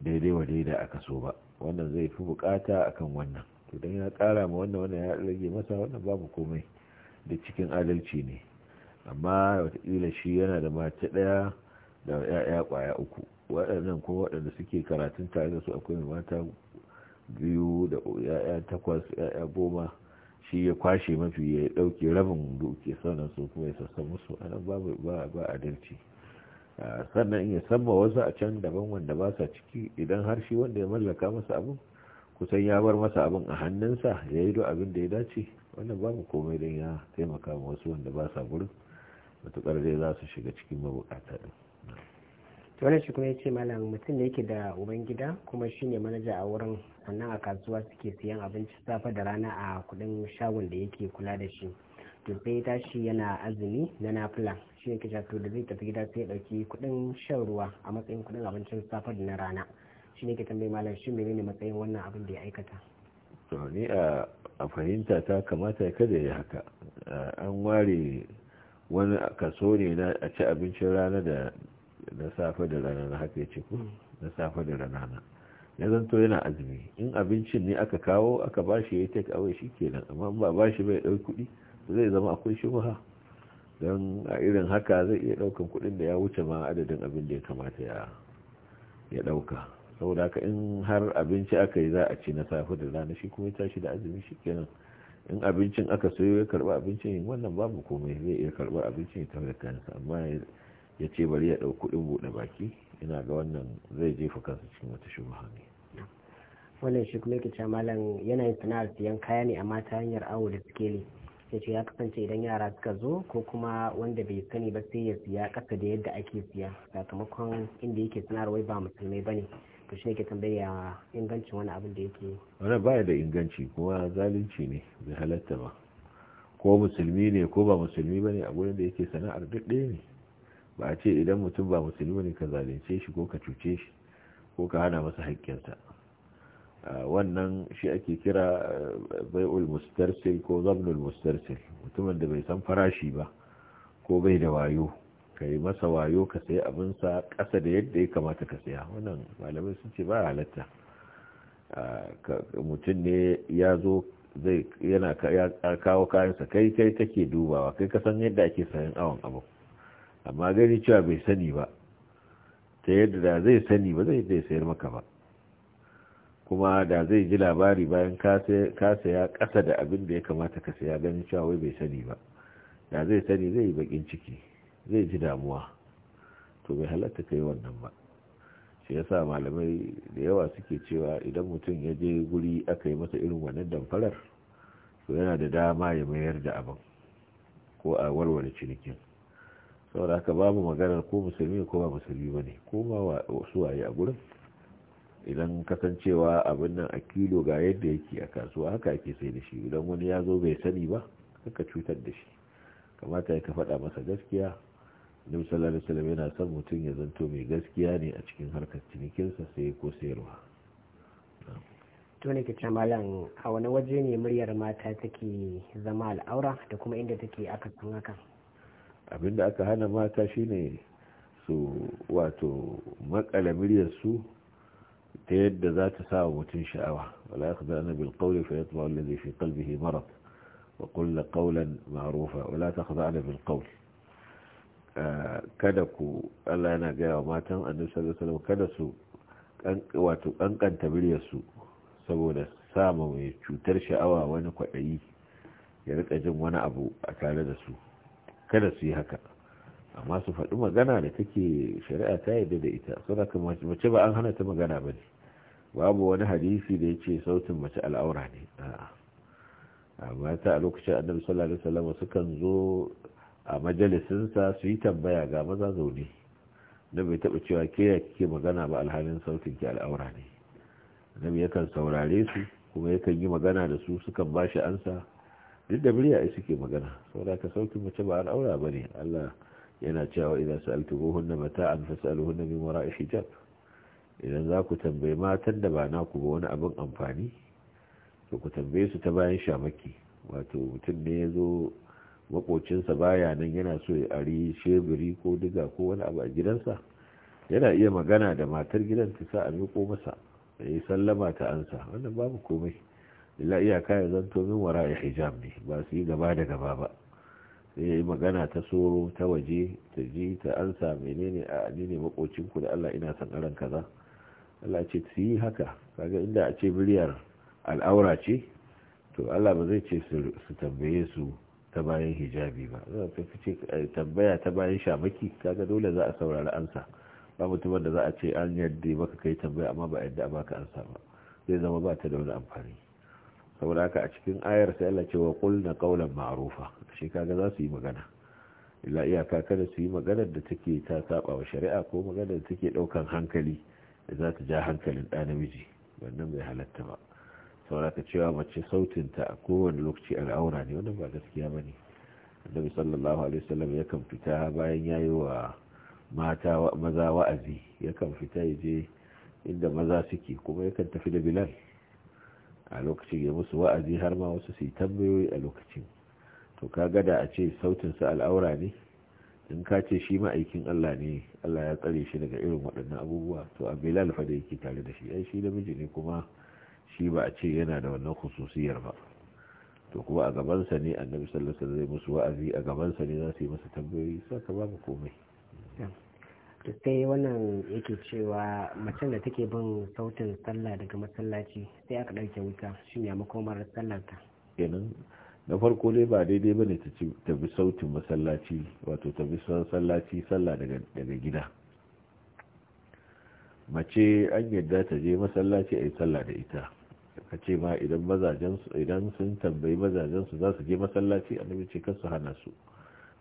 daidai wa daidai a kaso ba wannan zai fi bukata akan wannan to dan ya kara ma wannan wannan ya rage masa wannan babu komai da cikin adalci ne amma watakila shi yana da mata ɗaya da 'ya'ya kwaya uku waɗannan kuma waɗanda suke karatun tare da su akwai mata biyu da 'ya'ya takwas 'ya'ya goma shi ya kwashe mafi ya ɗauke rabin duke sannan su kuma ya sassa musu a anan ba adalci sannan in ya samma wasu a can daban wanda ba sa ciki idan har shi wanda ya mallaka masa abin kusan ya bar masa abin a hannunsa ya yi abin da ya dace wannan babu komai don ya taimaka wasu wanda ba sa gurin matuƙar dai za su shiga cikin mabukata din wannan shi kuma ya ce malam mutum ne yake da uban gida kuma shi ne manaja a wurin sannan a kasuwa suke siyan abinci safe da rana a kudin shagon da yake kula da shi to sai tashi yana azumi na nafila shi ne kisha to da zai tafi gida sai ya dauki kudin shan ruwa a matsayin kudin abincin safe da na rana shi ne ke tambayi malam shi ne matsayin wannan abin da ya aikata to ni a fahimta ta kamata kada ya haka an ware wani kaso ne na a ci abincin rana da na safe da rana na haka ya ce ku hmm, na safe da rana na ya zanto yana azumi in abincin ne aka kawo aka ba shi ya yi take away shi kenan amma ba ba shi bai ɗauki kuɗi zai zama akwai shubha don a irin haka zai iya ɗaukan kuɗin da ya wuce ma adadin abin da ya kamata ya ɗauka saboda haka in har abinci aka yi za a ci na safe da rana shi kuma ya tashi da azumi shi kenan in abincin aka soyo ya karɓi abincin wannan babu komai zai iya karɓar abincin ya tafi da kansa amma ya ce bari ya ɗau kuɗin buɗe baki ina ga wannan zai jefa kansa cikin wata shubha ne wannan shi kuma yake malam yana sana'ar siyan kaya ne amma ta hanyar awo da sikeli ya ce ya kasance idan yara suka zo ko kuma wanda bai sani ba sai ya siya kasa da yadda ake siya sakamakon inda yake sana'ar wai ba musulmai ba ne to shi yake tambaya ingancin wani abin da yake wani baya da inganci kuma zalunci ne bai halatta ba ko musulmi ne ko ba musulmi ba ne a gurin da yake sana'ar duk ɗaya ne ba a ce idan mutum ba musulmi ne ka zalunce shi ko ka cuce shi ko ka hana masa haƙƙinsa wannan shi ake kira eh, bai'ul mustarsil ko zamnul mustarsil mutumin da bai san farashi ba ko bai da wayo ka yi masa wayo ka abin sa ƙasa da yadda ya kamata ka saya wannan malamai sun ce ba halatta mutum ne ya zo zai yana kawo kayansa kai kai take dubawa kai kasan yadda ake sayan awon abu amma gani cewa bai sani ba ta yadda da zai sani ba zai zai sayar maka ba kuma da zai ji labari bayan ka saya ƙasa da abin da ya kamata ka saya ganin cewa wai bai sani ba da zai sani zai yi bakin ciki zai ji damuwa to bai halatta kai wannan ba shi yasa malamai da yawa suke cewa idan mutum ya je guri aka yi masa irin wannan damfarar to yana da dama ya mayar da abin ko a warware cinikin saboda haka babu maganar ko musulmi ko ba musulmi ba ne ko ma wasu waye a gurin idan kasancewa abin nan a kilo ga yadda yake a kasuwa haka ake sai da shi idan wani ya zo bai sani ba haka cutar da shi kamata ya ka faɗa masa gaskiya nabi sallallahu alaihi yana son mutum ya zanto mai gaskiya ne a cikin harkar cinikinsa sai ko sayarwa to ne kace malam a wani waje ne muryar mata take zama al'aura da kuma inda take aka san hakan abinda aka hana mata shine su wato makala su ta yadda za ta sa mutum sha'awa wala ya kaza na bil qawli fa yatma alladhi fi qalbihi marad wa qul qawlan maarufa wala takhza'na bil qawli kada ku Allah yana gaya wa matan annabi sallallahu alaihi kada su wato kankanta su saboda sama mai cutar sha'awa wani kwaɗayi ya rika jin wani abu a tare da su kada su yi haka amma su faɗi magana da take shari'a ta yadda da ita suna kan mace ba an hana ta magana ba ne babu wani hadisi da ya ce sautin mace al'aura ne amma ta a lokacin annabi sallallahu alaihi wasallam sukan zo a majalisinsa su yi tambaya ga maza zaune na bai taɓa cewa ke ya kike magana ba alhalin sautin ki al'aura ne annabi yakan saurare su kuma yakan yi magana da su sukan ba shi ansa duk da murya ai suke magana da ka sauki mace ba al'aura ba ne Allah yana cewa idan sa'altu buhunna mata'an fas'aluhunna min wara'i hijab idan za ku tambaye matan da ba na ku ba wani abin amfani to ku tambaye su ta bayan shamaki wato mutum ne ya zo makocinsa baya nan yana so ya ari shebiri ko diga ko wani abu a gidansa yana iya magana da matar gidan ta sa a miƙo masa da ya sallama ta ansa wannan babu komai illa iyaka ya zanto min wara hijab ne ba su yi gaba da gaba ba sai ya yi magana ta soro ta waje ta ji ta ansa menene a addini ne makocinku da Allah ina san aran kaza Allah ce su yi haka kaga inda a ce biliyar al'aura ce to Allah ba zai ce su tambaye su ta bayan hijabi ba za ta ce eh, tambaya ta bayan shamaki kaga dole za a saurari ansa ba mutumin da za a ce an yadda baka kai tambaya amma ba yadda baka ansa ba zai zama ba ta da wani amfani saboda haka a cikin ayar sai Allah ce wa qulna qawlan ma'rufa shi kaga za su yi magana illa iyaka kada su yi magana da take ta saba wa shari'a ko magana da take daukan hankali da za ta ja hankalin da namiji wannan bai halatta ba saboda ka cewa mace sautin ta a kowane lokaci al'aura ne wannan ba gaskiya bane annabi sallallahu alaihi wasallam kan fita bayan yayi wa mata maza wa'azi ya kan fita je inda maza suke kuma ya kan tafi da bilal a lokacin ya musu wa'azi har ma wasu su yi tambayoyi a lokacin to ka gada a ce sautin sautinsa al'aura ne in ka ce shi ma'aikin Allah ne Allah ya tsare shi daga irin waɗannan abubuwa to a bilal fa da yake tare da shi ai shi namiji ne kuma shi ba a ce yana da wannan khususiyar ba to kuma a gabansa ne annabi sallallahu alaihi wasallam zai musu wa'azi a gaban sa ne za su yi masa tambayoyi saka babu komai to sai wannan yake cewa macen da take bin sautin sallah daga masallaci sai aka ɗauke wuta shi ya makomar sallar ta na farko dai ba daidai ba ne ci ta bi sautin masallaci wato ta bi sallaci sallah daga gida mace an yadda ta je masallaci a yi sallah da ita ka ce ma idan mazajen idan sun tambayi mazajen su za su je masallaci a ce kar su hana su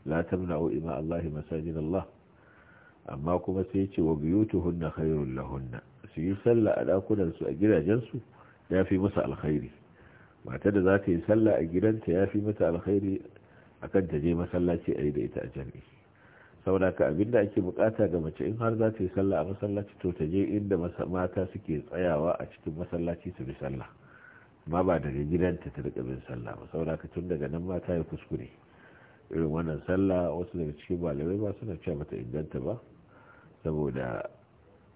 la tamna'u ima allahi masajid amma kuma sai ce wa hunna khairul lahunna su yi sallah a dakunan su a gidajensu su fi musu alkhairi mata da za ta yi sallah a gidanta ya yafi mata alkhairi akan ta je masallaci a yi da ita a jami'i saboda ka abinda ake bukata ga mace in har za ta yi sallah a masallaci to ta je inda mata suke tsayawa a cikin masallaci su bi sallah ma ba daga gidanta ta rika bin sallah ba saboda ka tun daga nan mata ya kuskure irin wannan sallah wasu daga cikin malamai ba suna cewa bata inganta ba saboda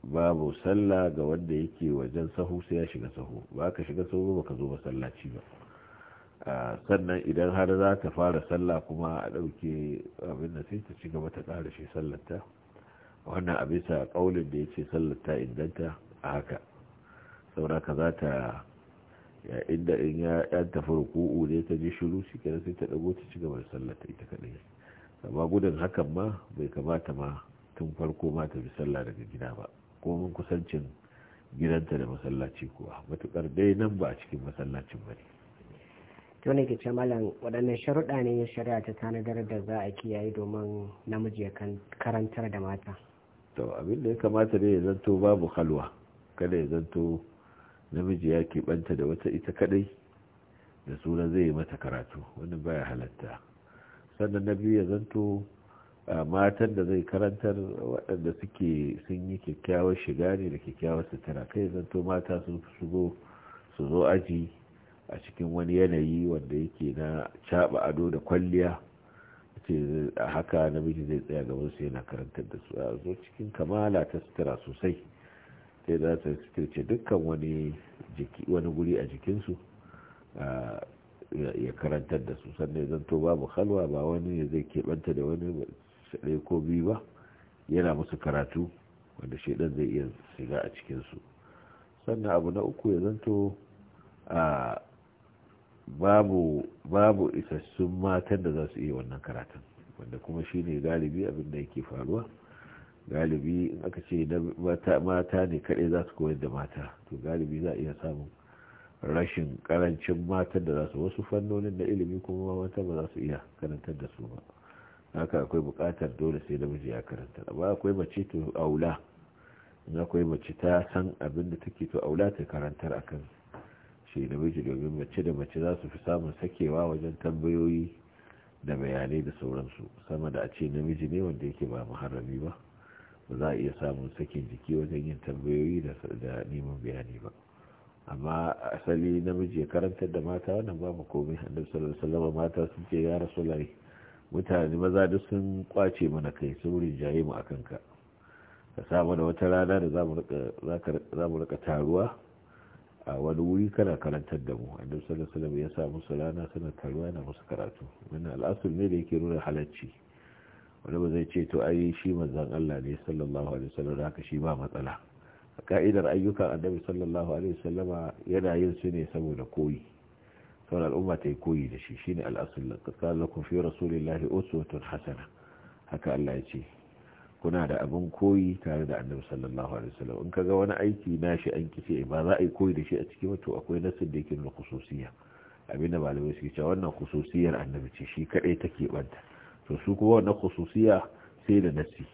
babu sallah ga wanda yake wajen sahu sai ya shiga sahu ba ka shiga sahu ba ka zo masallaci ba sannan idan har za ta fara sallah kuma a ɗauke abin da sai ta ci gaba ta ƙara shi sallata wannan a bisa ƙaunin da ya ce sallata inganta a haka ka za ta ya inda in ya yan tafi ruku'u ne ta ji shiru shi kenan sai ta ɗago ta ci gaba da sallata ita kaɗai amma gudun hakan ma bai kamata ma tun farko ma ta bi sallah daga gida ba ko mun kusancin gidanta da masallaci kuwa matukar dai nan ba a cikin masallacin ba ne to ne ke malam waɗannan sharuɗa ne shari'a ta tanadar da za a kiyaye domin namiji ya karantar da mata to abin da ya kamata ne ya zanto babu halwa kada ya zanto namiji ya keɓanta da wata ita kadai da sunan zai yi mata karatu wani baya halatta sannan na biyu ya zanto matan da zai karantar waɗanda suke sun yi kyakkyawar shiga ne da kyakkyawar sutura kai zanto mata sun shigo su zo aji a cikin wani yanayi wanda yake na caɓa ado da kwalliya ce a haka namiji zai tsaya gaban su yana karantar da su a zo cikin kamala ta sutura sosai sai za ta suturce dukkan wani guri a jikinsu ya karantar da su sannan zanto babu halwa ba wani zai keɓanta da wani ɗaya ko biyu ba yana musu karatu wanda shaidan zai iya shiga a cikinsu sannan abu na uku ya zanto a babu isassun matan da za su iya wannan karatun wanda kuma shi ne galibi abin da yake faruwa galibi in aka ce mata ne kaɗai za su koyar da mata to galibi za a iya samun rashin karancin matan da za su wasu fannonin na ilimi kuma mata ba za su iya karantar da su ba haka akwai bukatar dole sai namiji ya karanta amma akwai mace to aula in akwai mace ta san abin da take to aula ta karantar akan shi namiji domin mace da mace za su fi samun sakewa wajen tambayoyi da bayanai da sauransu sama da a ce namiji ne wanda yake ba muharrami ba ba za a iya samun sakin jiki wajen yin tambayoyi da neman bayani ba amma asali namiji ya karantar da mata wannan ba mu komai annabi sallallahu alaihi wasallam mata sun ce ya rasulullahi mutane maza duk sun kwace mana kai sun rinjaye mu akan ka ka samu da wata rana da za mu rika taruwa a wani wuri kana karantar da mu duk sallallahu alaihi ya sa musu rana suna taruwa na musu karatu wani al'asul ne da yake nuna halacci wani ba zai ce to ai shi manzon Allah ne sallallahu alaihi wasallam da haka shi ba matsala a ka'idar ayyukan annabi sallallahu alaihi wasallama yana yin su ne saboda koyi sauran al'umma ta yi koyi da shi shine al'asul lakum fi rasulillahi uswatun hasana haka Allah ya ce kuna da abin koyi tare da annabi sallallahu alaihi wasallam in kaga wani aiki na nashi an kice ba za a yi koyi da shi a cikin wato akwai nasin da yake nuna balamai abinda malamai suke cewa wannan kususiyar annabi ce shi kadai take banta to su kuma wannan kususiya sai da nasi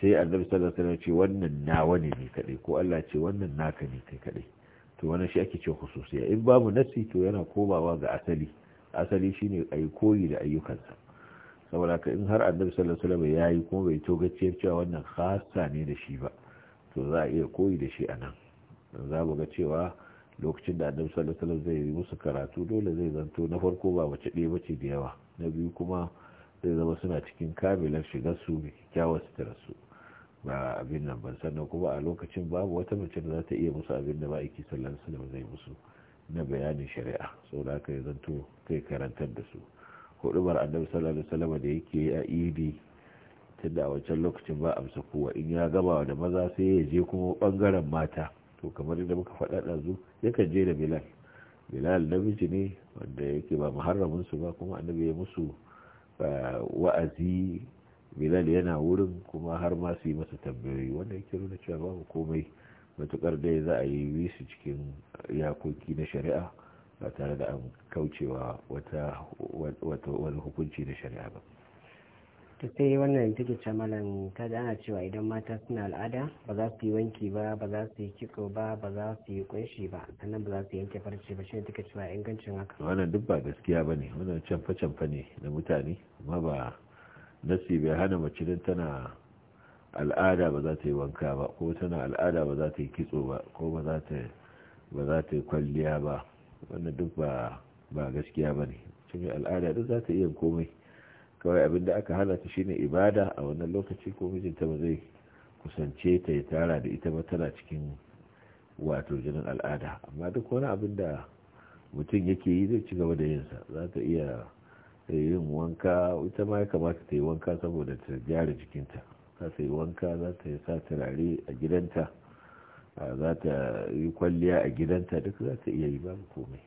sai annabi sallallahu alaihi wasallam ce wannan nawa ne ne kadai ko Allah ce wannan naka ne kai kadai to wannan shi ake ce hususiya in babu nassi to yana komawa ga asali asali shine ayi koyi da ayyukansa saboda ka in har annabi sallallahu alaihi wasallam yayi kuma bai to gacciyar cewa wannan khassa ne da shi ba to za a iya koyi da shi anan za mu ga cewa lokacin da annabi sallallahu alaihi wasallam zai yi musu karatu dole zai zanto na farko ba mace ɗaya bace da yawa na biyu kuma zai zama suna cikin kamilan shigar su da kyakkyawar su ba abin nan ban sannan kuma a lokacin babu wata mace da za ta iya musu abin da ba ma'aiki sallallahu da ba zai musu na bayanin shari'a da aka yi zanto kai karantar da su hudubar annabi sallallahu alaihi da yake a idi da a wancan lokacin ba amsa kowa in ya gaba da maza sai ya je kuma bangaren mata to kamar yadda muka faɗa ɗazu yakan je da bilal bilal namiji ne wanda yake ba muharramin su ba kuma annabi ya musu eh, wa'azi bilal yana wurin kuma har ma su yi masa tambayoyi wanda yake nuna cewa babu komai matukar dai za a yi wisu cikin yakoki na shari'a ba tare da an kaucewa wata wani hukunci na shari'a ba ta sai wannan take camalan ta da ana cewa idan mata suna al'ada ba za su yi wanki ba ba za su yi kitso ba ba za su yi kunshi ba sannan ba za su yanke farce ba shi ne take cewa ingancin haka wannan duk ba gaskiya ba ne wannan canfa canfa ne na mutane ma ba nasi bai hana mace tana al'ada ba za ta yi wanka ba ko tana al'ada ba za ta yi kitso ba ko ba za ta yi kwalliya ba wannan duk ba ba gaskiya ba ne cikin al'ada duk za ta iya komai kawai abin da aka hana ta shine ibada a wannan lokaci ko mijinta ba zai kusance ta ya tara da ita ba tana cikin wato jinin al'ada amma duk wani abin da mutum yake yi zai ci gaba da yinsa za ta iya da yin wanka ita ma ya kamata ta yi wanka saboda ta gyara jikinta za ta yi wanka za ta yi sa turare a gidanta za ta yi kwalliya a gidanta duk za ta iya yi ba mu komai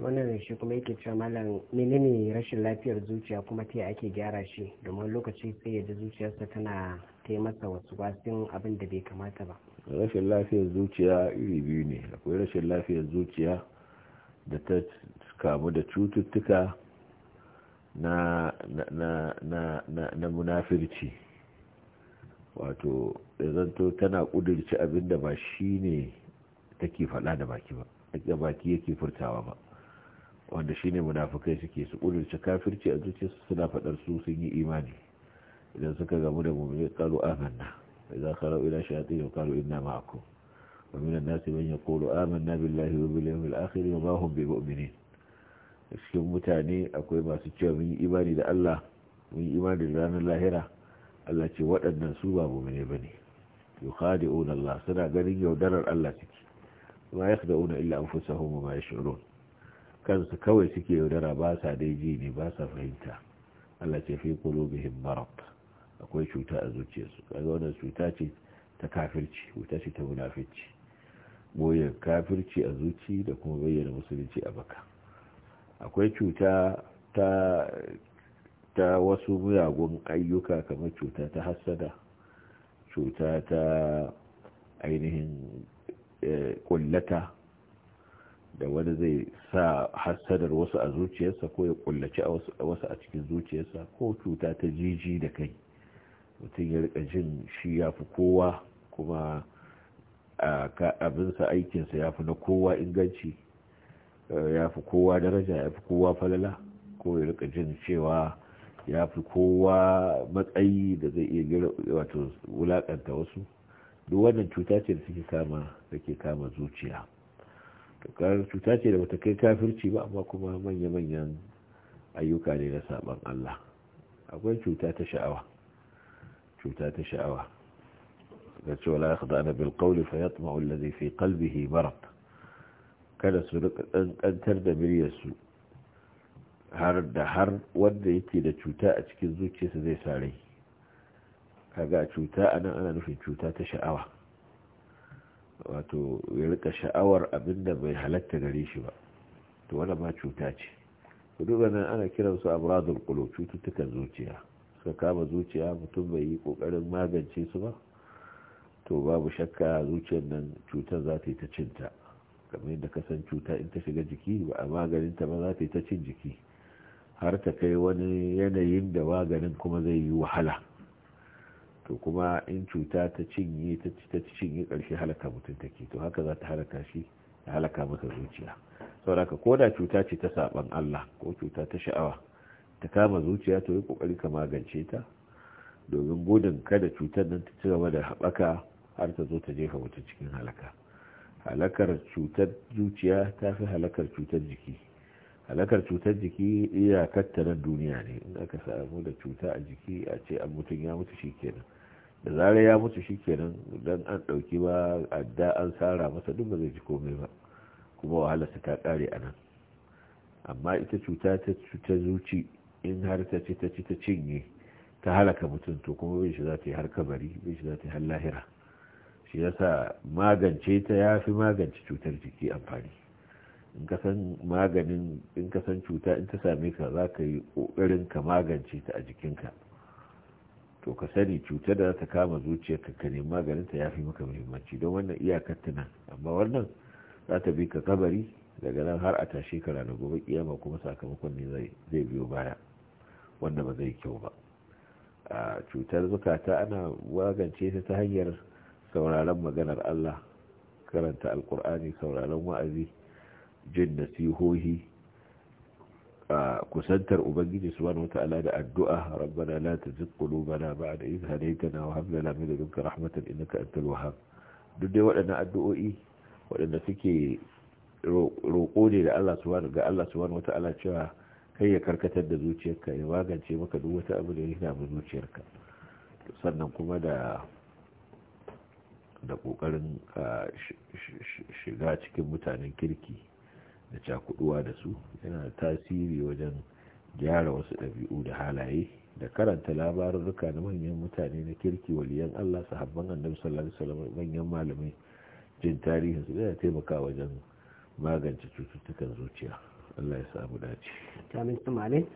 wannan shi kuma yake cewa malam menene rashin lafiyar zuciya kuma ta ake gyara shi domin lokaci sai ya ji zuciyarsa tana ta masa wasu wasin abin da bai kamata ba rashin lafiyar zuciya iri biyu ne akwai rashin lafiyar zuciya da ta kamu da cututtuka na na na na na munafirci wato da zanto tana kudirci abinda ba shi ne take faɗa da baki ba da baki yake furtawa ba wanda shi ne munafukai suke su kudirci kafirci a zuciyarsu suna faɗar su sun yi imani idan suka gamu da mummuni qalu amanna idza kharau ila shayatin qalu inna ma'akum ومن الناس من يقول آمنا بالله wa ma وما bi mu'minin cikin mutane akwai masu cewa mun yi imani da Allah mun yi imani da ranar lahira Allah ce waɗannan su ba mu'mine bane yukhadi'un Allah suna ganin yaudarar Allah suke ma una illa anfusahum ma yash'urun kansu kawai suke yaudara ba sa dai ji ne ba sa fahimta Allah ce fi qulubihim marad akwai cuta a zuciyarsu kaga wannan cuta ce ta kafirci cuta ce ta munafici boye kafirci a zuci da kuma bayyana musulunci a baka akwai cuta ta ta wasu miyagun ayyuka kamar cuta ta hassada cuta ta ainihin kullata eh, da wani zai sa hassadar wasu a zuciyarsa ko ya kullaci wasu a cikin zuciyarsa ko cuta ta jiji da kai mutum ya rika jin shi ya fi kowa kuma ah, abinsa aikinsa ya fi na kowa inganci ya fi kowa daraja ya fi kowa falala ko ya rika jin cewa ya fi kowa matsayi da zai iya wato wulakanta wasu duk wannan cuta ce da suke kama da ke kama zuciya tukar cuta ce da bata kai kafirci ba amma kuma manya-manyan ayyuka ne na saban Allah akwai cuta ta sha'awa cuta ta sha'awa da cewa la yakhda'na bil qawli fa yatma'u alladhi fi qalbihi marad kada su rika kankantar da miryarsu har da har wanda yake da cuta a cikin zuciyarsa zai sa kaga cuta a nan ana nufin cuta ta sha'awa wato ya rika sha'awar abinda bai halatta gare shi ba to wani ma cuta ce duk nan ana kiransu abradul kulo cututtukan zuciya suka kama zuciya mutum bai yi kokarin magance su ba to babu shakka zuciyar nan cutar za ta yi ta cinta kamar yadda kasan cuta in ta shiga jiki ba a maganin ta ba za ta yi ta cin jiki har ta kai wani yanayin da maganin kuma zai yi wahala to kuma in cuta ta cinye ta cinye karshe halaka mutum take to haka za ta halaka shi ta halaka masa zuciya sauraka ko da cuta ce ta saban Allah ko cuta ta sha'awa ta kama zuciya to yi kokari ka magance ta domin gudun kada cutar nan ta ci gaba da haɓaka har ta zo ta jefa mutum cikin halaka halakar cutar zuciya ta fi halakar cutar jiki halakar cutar jiki iyakarta na duniya ne in aka samu da cuta a jiki a ce an mutum ya mutu shikenan da zarar ya mutu shikenan dan an ɗauki ba adda an tsara masa duk ba zai ji komai ba kuma su ta kare a nan amma ita cuta ta cuta zuci in har ta ce ta ta cinye ta halaka mutum to kuma bai shi za ta yi har kabari bai shi za ta yi har lahira shi yasa magance ta ya fi magance cutar jiki amfani in ka san maganin in ka cuta in ta same ka za ka yi ƙoƙarin ka magance ta a jikinka to ka sani cutar da za ta kama zuciyarka ka nemi maganin ta ya fi maka muhimmanci don wannan iyakar nan amma wannan za ta bi ka kabari daga nan har a tashe kara na gobe kiyama kuma sakamakon ne zai biyo baya wanda ba zai kyau ba a cutar zukata ana magance ta ta hanyar sauraron maganar Allah karanta alkur'ani sauraron wa'azi jin nasihohi kusantar ubangiji subhanahu wataala da addu'a rabbana la tuzigh qulubana ba'da idh hadaytana wa hab lana min ladunka rahmatan innaka antal wahhab duk dai waɗannan addu'o'i waɗanda suke roƙo ne da Allah subhanahu ga Allah subhanahu wataala cewa kai ya karkatar da zuciyarka ya magance maka duk wata abu da ya damu zuciyarka sannan kuma da da kokarin shiga cikin mutanen kirki da cakuduwa da su yana da tasiri wajen gyara wasu ɗabi'u da halaye da karanta ruka na manyan mutane na kirki waliyan Allah sahabban annabi sallallahu alaihi manyan malamai jin tarihin su zai taimaka wajen magance cututtukan zuciya Allah ya samu dace. Amin su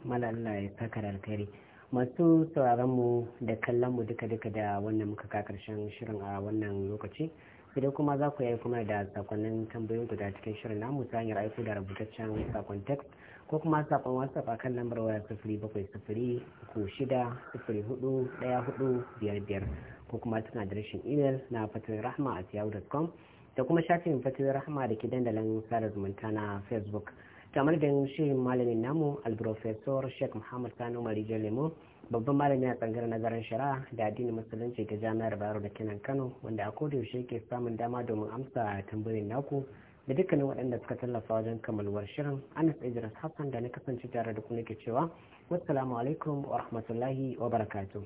malin, ya saka alkhairi. masu mu da kallon mu duka-duka da wannan muka ka karshen shirin a wannan lokaci idan kuma za ku yi kuma da sakonnin tambayoyin guda cikin shirin namu ta hanyar aiko da rubutaccen sakon text ko kuma sakon whatsapp akan lambar waya sifiri bakwai sifiri uku shida sifiri hudu daya hudu biyar biyar ko kuma tana adireshin imel na fatin rahma a siyahu.com da kuma shafin fatin rahma da ke dandalin sada zumunta na facebook kamar da shirin malamin namu alprofesor sheikh muhammad kano marijan lemo babban malami a tsangar nazarin shari'a da addinin musulunci ga jami'ar bayero da kenan kano wanda a koda yaushe ke samun dama domin amsa tambayoyin naku da dukkanin waɗanda suka tallafa wajen kammalwar shirin anas idris hassan da na kasance tare da ku ke cewa wassalamu alaikum wa rahmatullahi wa barakatu.